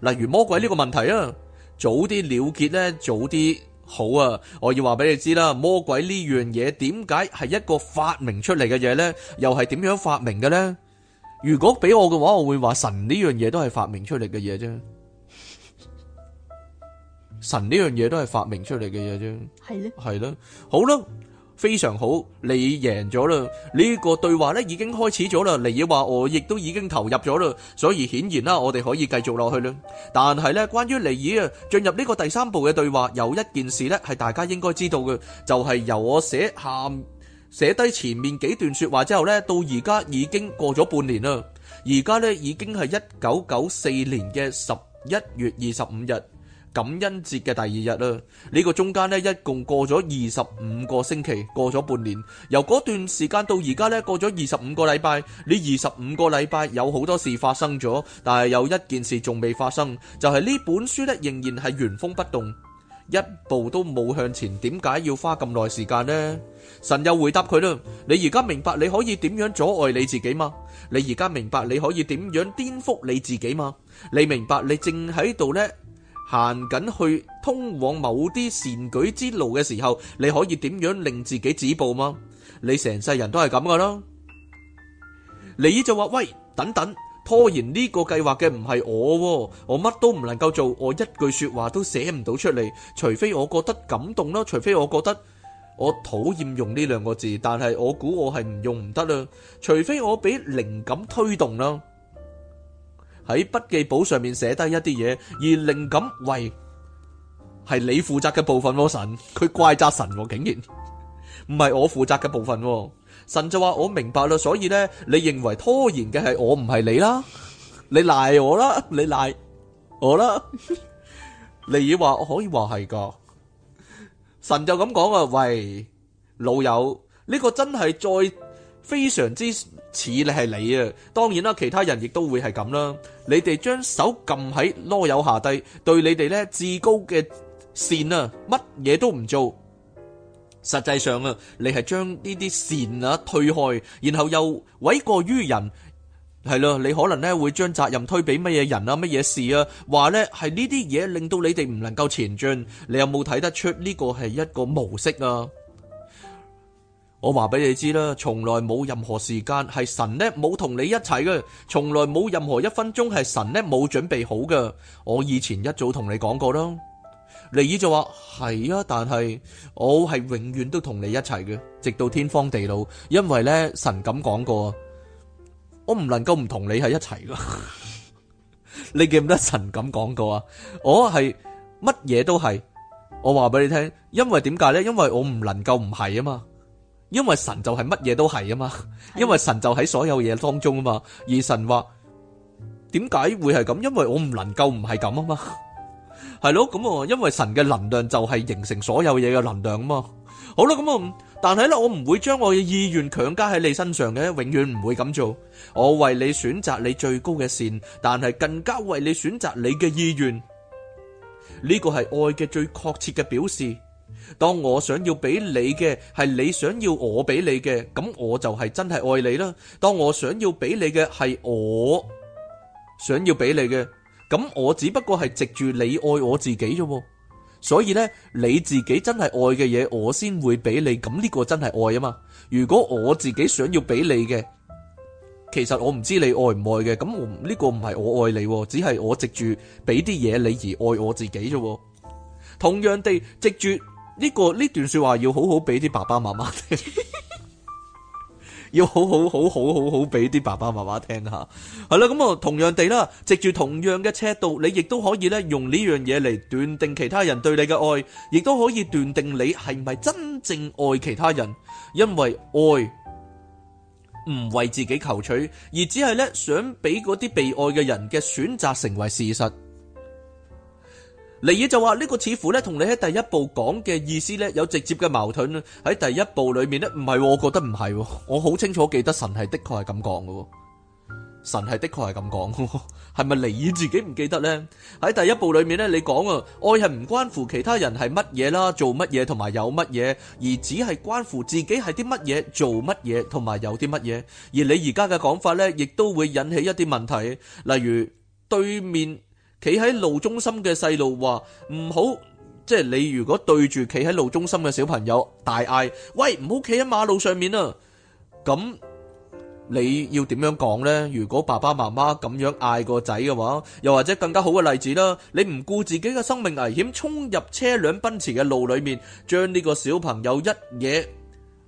嘛，例如魔鬼呢個問題啊，早啲了結呢，早啲。好啊，我要話俾你知啦，魔鬼呢樣嘢點解係一個發明出嚟嘅嘢呢？又係點樣發明嘅呢？如果俾我嘅話，我會話神呢樣嘢都係發明出嚟嘅嘢啫。 神呢樣嘢都係發明出嚟嘅嘢啫。係咯的，係咯，好啦。非常好，你贏咗啦！呢個對話呢已經開始咗啦，尼爾話我亦都已經投入咗啦，所以顯然啦，我哋可以繼續落去啦。但係呢，關於尼爾啊進入呢個第三步嘅對話，有一件事呢係大家應該知道嘅，就係由我寫下寫低前面幾段説話之後呢，到而家已經過咗半年啦，而家呢已經係一九九四年嘅十一月二十五日。感恩節嘅第二日啦，呢個中間咧一共過咗二十五個星期，過咗半年。由嗰段時間到而家咧，過咗二十五個禮拜。呢二十五個禮拜有好多事發生咗，但係有一件事仲未發生，就係呢本書咧仍然係原封不動，一步都冇向前。點解要花咁耐時間呢？神又回答佢啦：「你而家明白你可以點樣阻礙你自己嗎？你而家明白你可以點樣顛覆你自己嗎？你明白你正喺度咧？行緊去通往某啲善舉之路嘅時候，你可以點樣令自己止步嗎？你成世人都係咁噶啦。你就話：「喂，等等，拖延呢個計劃嘅唔係我，我乜都唔能夠做，我一句說話都寫唔到出嚟，除非我覺得感動啦，除非我覺得我討厭用呢兩個字，但係我估我係唔用唔得啦，除非我俾靈感推動啦。喺筆記簿上面寫低一啲嘢，而靈感為係你負責嘅部分咯、啊，神佢怪責神、啊，竟然唔係 我負責嘅部分、啊，神就話，我明白啦，所以咧你認為拖延嘅係我唔係你啦，你賴我啦，你賴我啦， 你已話我可以話係㗎。神就咁講啊，喂老友呢、呢個真係再非常之。似你係你啊，當然啦，其他人亦都會係咁啦。你哋將手撳喺囉柚下低，對你哋呢至高嘅善啊，乜嘢都唔做。實際上啊，你係將呢啲善啊推開，然後又諉過於人，係咯，你可能呢會將責任推俾乜嘢人啊，乜嘢事啊，話呢係呢啲嘢令到你哋唔能夠前進。你有冇睇得出呢個係一個模式啊？我話俾你知啦,從來冇任何時間,係神呢,冇同你一齊㗎,從來冇任何一分鐘係神呢,冇準備好㗎,我以前一早同你講過咯。尼爾就話,係呀,但係,我係永遠都同你一齊㗎,直到天荒地老,因為呢,神咁講過,我唔能夠唔同你係一齊㗎。你記唔得神咁講過啊?我係,乜嘢都係,我話俾你聽,因為點解呢?因為我唔能夠唔係吖嘛。 因為神就係乜嘢都係啊嘛，因為神就喺所有嘢當中啊嘛，而神話點解會係咁？因為我唔能夠唔係咁啊嘛，係咯，咁啊，因為神嘅能量就係形成所有嘢嘅能量啊嘛。好啦，咁啊，但係咧，我唔會將我嘅意願強加喺你身上嘅，永遠唔會咁做。我為你選擇你最高嘅善，但係更加為你選擇你嘅意願。呢個係愛嘅最確切嘅表示。當我想要俾你嘅係你想要我俾你嘅，咁我就係真係愛你啦。當我想要俾你嘅係我想要俾你嘅，咁我只不過係藉住你愛我自己啫。所以呢，你自己真係愛嘅嘢，我先會俾你。咁呢個真係愛啊嘛。如果我自己想要俾你嘅，其實我唔知你愛唔愛嘅。咁我呢個唔係我愛你，只係我藉住俾啲嘢你而愛我自己啫。同樣地，藉住。呢、這個呢段說話要好好俾啲爸爸媽媽聽， 要好好好好好好俾啲爸爸媽媽聽吓，係啦咁啊，同樣地啦，藉住同樣嘅尺度，你亦都可以咧用呢樣嘢嚟斷定其他人對你嘅愛，亦都可以斷定你係咪真正愛其他人，因為愛唔為自己求取，而只係咧想俾嗰啲被愛嘅人嘅選擇成為事實。尼爾就話呢、這個似乎咧同你喺第一部講嘅意思咧有直接嘅矛盾。喺第一部裏面咧唔係，我覺得唔係、哦，我好清楚記得神係的確係咁講嘅，神係的確係咁講，係咪尼爾自己唔記得呢？喺第一部裏面咧，你講啊，愛係唔關乎其他人係乜嘢啦，做乜嘢同埋有乜嘢，而只係關乎自己係啲乜嘢，做乜嘢同埋有啲乜嘢。而你而家嘅講法咧，亦都會引起一啲問題，例如對面。企喺路中心嘅細路話唔好，即係你如果對住企喺路中心嘅小朋友大嗌，喂，唔好企喺馬路上面啊！咁你要點樣講呢？如果爸爸媽媽咁樣嗌個仔嘅話，又或者更加好嘅例子啦，你唔顧自己嘅生命危險衝入車輛奔馳嘅路裏面，將呢個小朋友一嘢。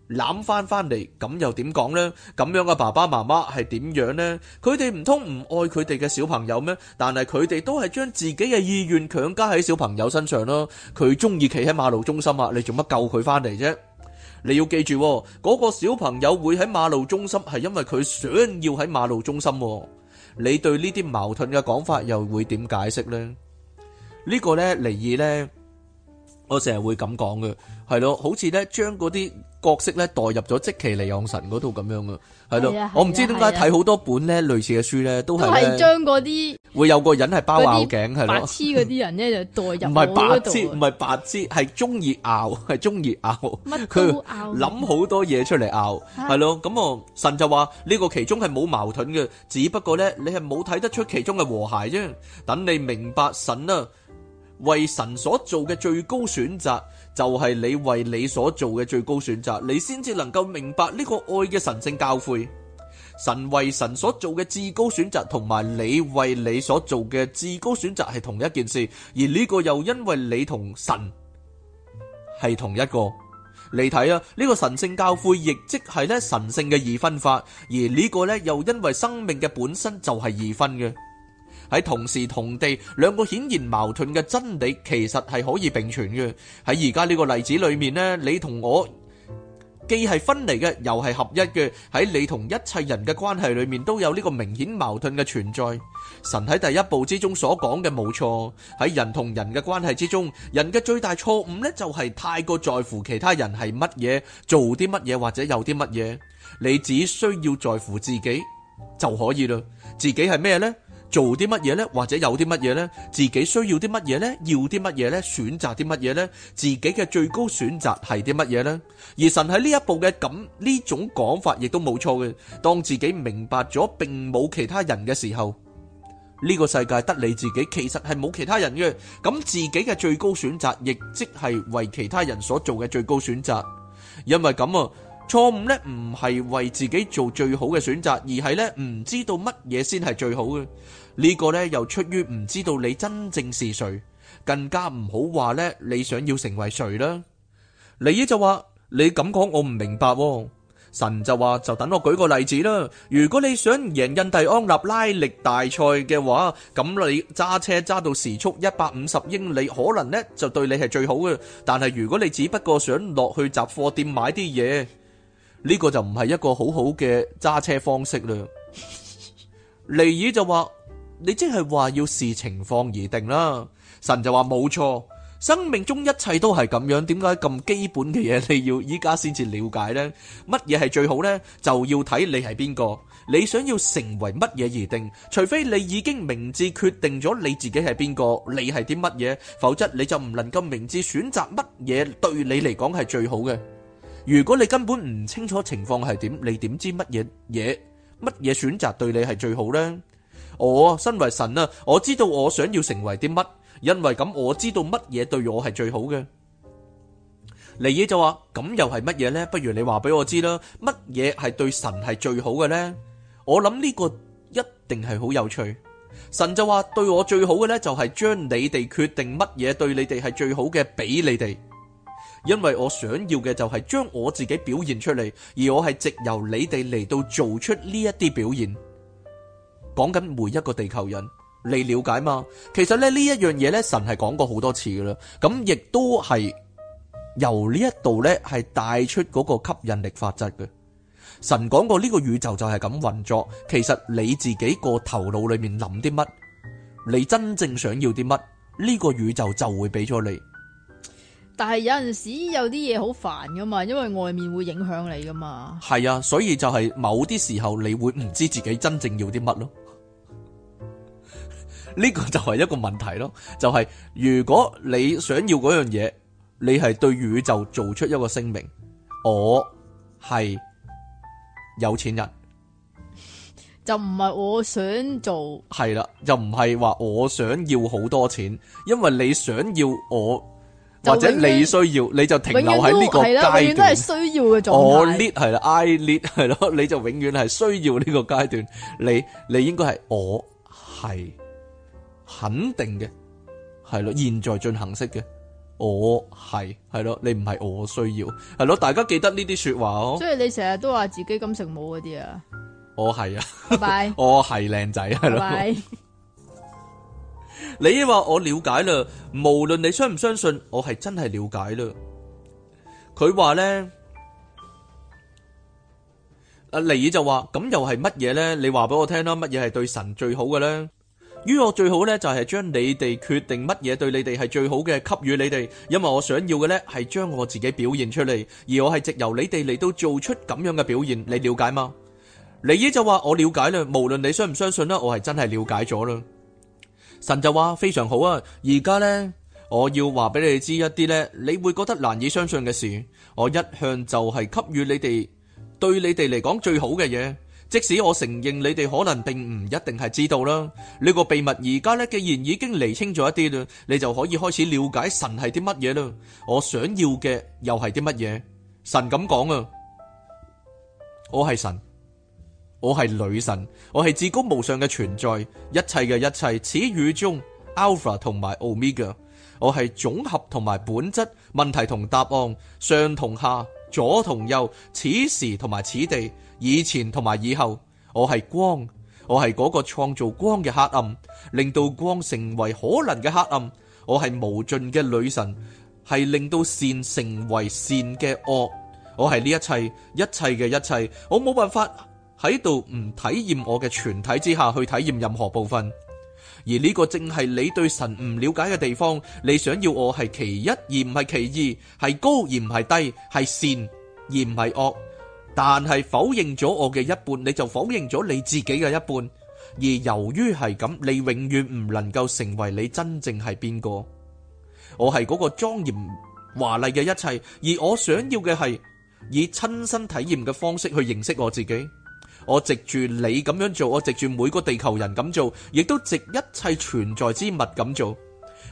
攬翻翻嚟咁又點講咧？咁樣嘅爸爸媽媽係點樣咧？佢哋唔通唔愛佢哋嘅小朋友咩？但係佢哋都係將自己嘅意願強加喺小朋友身上咯。佢中意企喺馬路中心啊，你做乜救佢翻嚟啫？你要記住，嗰個小朋友會喺馬路中心係因為佢想要喺馬路中心。你對呢啲矛盾嘅講法又會點解釋咧？呢個咧，尼爾咧，我成日會咁講嘅，係咯，好似咧將嗰啲。角色咧代入咗即其利用神嗰度咁樣啊，係咯，我唔知點解睇好多本咧類似嘅書咧都係將嗰啲會有個人係包拗頸係咯，白痴嗰啲人咧就代入唔係白痴，唔係白痴，係中意拗，係中意拗，佢諗好多嘢出嚟拗，係咯、啊，咁啊、嗯、神就話呢、這個其中係冇矛盾嘅，只不過咧你係冇睇得出其中嘅和諧啫，等你明白神啊為神所做嘅最高選擇，就係你為你所做嘅最高選擇，你先至能夠明白呢個愛嘅神聖教誨。神為神所做嘅至高選擇，同埋你為你所做嘅至高選擇係同一件事，而呢個又因為你同神係同一個。你睇啊，呢、這個神聖教誨亦即係咧神聖嘅二分法，而呢個咧又因為生命嘅本身就係二分嘅。喺同時同地，兩個顯然矛盾嘅真理，其實係可以並存嘅。喺而家呢個例子裏面呢，你同我既係分離嘅，又係合一嘅。喺你同一切人嘅關係裏面，都有呢個明顯矛盾嘅存在。神喺第一步之中所講嘅冇錯。喺人同人嘅關係之中，人嘅最大錯誤呢，就係太過在乎其他人係乜嘢，做啲乜嘢或者有啲乜嘢。你只需要在乎自己就可以啦。自己係咩呢？做啲乜嘢呢？或者有啲乜嘢呢？自己需要啲乜嘢呢？要啲乜嘢呢？選擇啲乜嘢呢？自己嘅最高選擇係啲乜嘢呢？而神喺呢一步嘅咁呢種講法亦都冇錯嘅。當自己明白咗並冇其他人嘅時候，呢個世界得你自己，其實係冇其他人嘅。咁自己嘅最高選擇，亦即係為其他人所做嘅最高選擇。因為咁啊，錯誤呢唔係為自己做最好嘅選擇，而係呢唔知道乜嘢先係最好嘅。呢個呢，又出於唔知道你真正是誰，更加唔好話呢，你想要成為誰啦。尼爾就話：你咁講我唔明白。神就話：就等我舉個例子啦。如果你想贏印第安納拉力大賽嘅話，咁你揸車揸到時速一百五十英里，可能呢就對你係最好嘅。但係如果你只不過想落去雜貨店買啲嘢，呢、這個就唔係一個好好嘅揸車方式啦。 尼爾就話。你即係話要視情況而定啦，神就話，冇錯。生命中一切都係咁樣，點解咁基本嘅嘢你要依家先至了解呢？乜嘢係最好呢？就要睇你係邊個，你想要成為乜嘢而定。除非你已經明智決定咗你自己係邊個，你係啲乜嘢，否則你就唔能夠明智選擇乜嘢對你嚟講係最好嘅。如果你根本唔清楚情況係點，你點知乜嘢嘢乜嘢選擇對你係最好呢？我身為神啊，我知道我想要成為啲乜，因為咁我知道乜嘢對我係最好嘅。尼爾就話：咁又係乜嘢呢？不如你話俾我知啦，乜嘢係對神係最好嘅呢？我諗呢個一定係好有趣。神就話：對我最好嘅呢，就係將你哋決定乜嘢對你哋係最好嘅，俾你哋。因為我想要嘅就係將我自己表現出嚟，而我係藉由你哋嚟到做出呢一啲表現。講緊每一個地球人，你了解嘛？其實咧，呢一樣嘢咧，神係講過好多次噶啦，咁亦都係由呢一度呢係帶出嗰個吸引力法則嘅。神講過呢個宇宙就係咁運作，其實你自己個頭腦裏面諗啲乜，你真正想要啲乜，呢個宇宙就會俾咗你。但係有陣時有啲嘢好煩噶嘛，因為外面會影響你噶嘛。係啊，所以就係某啲時候你會唔知自己真正要啲乜咯。呢個就係一個問題咯，就係如果你想要嗰樣嘢，你係對宇宙做出一個聲明，我係有錢人，就唔係我想做，係啦，就唔係話我想要好多錢，因為你想要我或者你需要，你就停留喺呢個階段，永遠都係需要嘅狀態，我 need 係啦，I need 係咯，你就永遠係需要呢個階段，你你應該係我係。肯定嘅，係咯，現在進行式嘅，我係係咯，你唔係我需要，係咯，大家記得呢啲說話哦。所以你成日都話自己感情冇嗰啲啊？我係啊，拜拜，我係靚仔係咯，拜拜。你話我了解啦，無論你相唔相信，我係真係了解啦。佢話咧，阿尼爾就話咁又係乜嘢咧？你話俾我聽啦，乜嘢係對神最好嘅咧？於我最好呢，就係將你哋決定乜嘢對你哋係最好嘅給予你哋，因為我想要嘅呢，係將我自己表現出嚟，而我係藉由你哋嚟到做出咁樣嘅表現，你了解嗎？你呢就話，我了解啦，無論你相唔相信啦，我係真係了解咗啦。神就話非常好啊，而家呢，我要話俾你哋知一啲呢，你會覺得難以相信嘅事，我一向就係給予你哋對你哋嚟講最好嘅嘢。即使我承認你哋可能並唔一定係知道啦，呢個秘密而家咧，既然已經厘清咗一啲啦，你就可以開始了解神係啲乜嘢啦。我想要嘅又係啲乜嘢？神咁講啊，我係神，我係女神，我係至高無上嘅存在，一切嘅一切，始與終 Alpha 同埋 Omega，我係總合同埋本質，問題同答案，上同下，左同右，此時同埋此地。以前同埋以後，我係光，我係嗰個創造光嘅黑暗，令到光成為可能嘅黑暗。我係無盡嘅女神，係令到善成為善嘅惡。我係呢一切，一切嘅一切。我冇辦法喺度唔體驗我嘅全體之下去體驗任何部分。而呢個正係你對神唔了解嘅地方。你想要我係其一而唔係其二，係高而唔係低，係善而唔係惡。但係否認咗我嘅一半，你就否認咗你自己嘅一半。而由於係咁，你永遠唔能夠成為你真正係邊個。我係嗰個莊嚴華麗嘅一切，而我想要嘅係以親身體驗嘅方式去認識我自己。我藉住你咁樣做，我藉住每個地球人咁做，亦都藉一切存在之物咁做。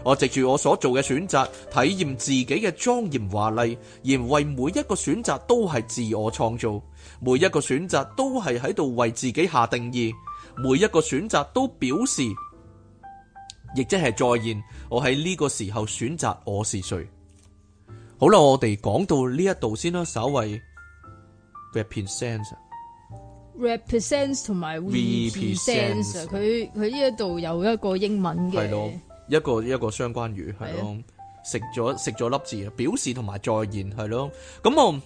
我藉住我所做嘅選擇，體驗自己嘅莊嚴華麗，而為每一個選擇都係自我創造，每一個選擇都係喺度為自己下定義，每一個選擇都表示，亦即係再現我喺呢個時候選擇我是誰。好啦，我哋講到呢一度先啦，稍微 represent represent 佢，佢呢一度有一個英文嘅。一個一個相關語係咯，食咗食咗粒字，表示同埋再現係咯。咁我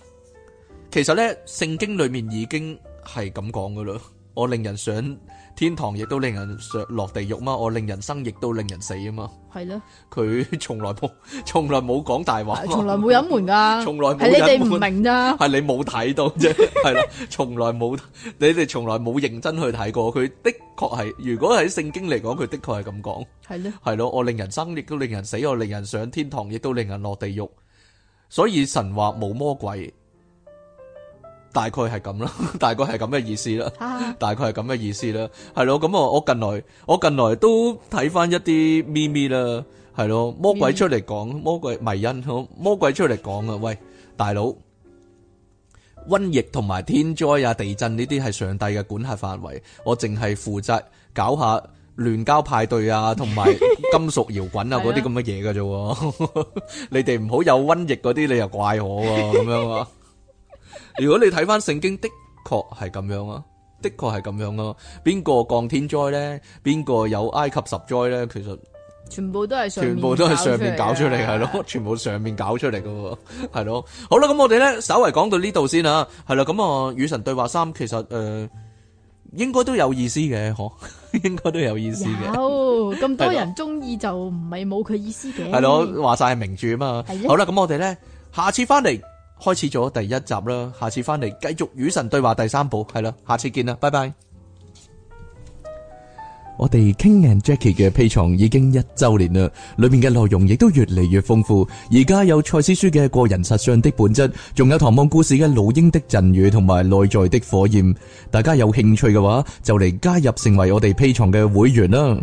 其實咧，聖經裡面已經係咁講噶啦。我令人想。天堂亦都令人上落地獄嘛，我令人生亦都令人死啊嘛！係咯的，佢從來冇從來冇講大話，從來冇隱瞞噶，從來你哋唔明啫，係你冇睇到啫，係啦， 從來冇你哋從來冇認真去睇過，佢的確係，如果喺聖經嚟講，佢的確係咁講，係咯的，係咯，我令人生亦都令人死，我令人上天堂亦都令人落地獄，所以神話冇魔鬼。大概係咁啦，大概係咁嘅意思啦，大概係咁嘅意思啦，係咯，咁我我近來我近來都睇翻一啲咪咪啦，係咯，魔鬼出嚟講魔鬼迷因，好魔鬼出嚟講啊，喂大佬，瘟疫同埋天災啊地震、呢啲係上帝嘅管轄範圍，我淨係負責搞下亂交派對啊，同埋金屬搖滾啊嗰啲咁嘅嘢噶啫，你哋唔好有瘟疫嗰啲，你又怪我咁樣。如果你睇翻聖經，的確係咁樣咯，的確係咁樣咯。邊個降天災咧？邊個有埃及十災咧？其實全部都係全部都係上面搞出嚟，係咯， 全部上面搞出嚟噶，係咯。好啦，咁我哋咧稍為講到呢度先啊。係啦，咁啊，與神對話三其實誒、呃，應該都有意思嘅，可 應該都有意思嘅。哦，咁多人中意就唔係冇佢意思嘅。係咯吧，話晒係名著啊嘛。係吧。好啦，咁我哋咧下次翻嚟。開始咗第一集啦，下次翻嚟繼續與神對話第三部，係啦，下次見啦，拜拜。我哋 King and Jackie 嘅 Patreon 已經一周年啦，裏面嘅內容亦都越嚟越豐富，而家有賽斯書嘅個人實相的本質，仲有唐望故事嘅老鷹的贈語同埋內在的火焰，大家有興趣嘅話就嚟加入成為我哋 Patreon 嘅會員啦。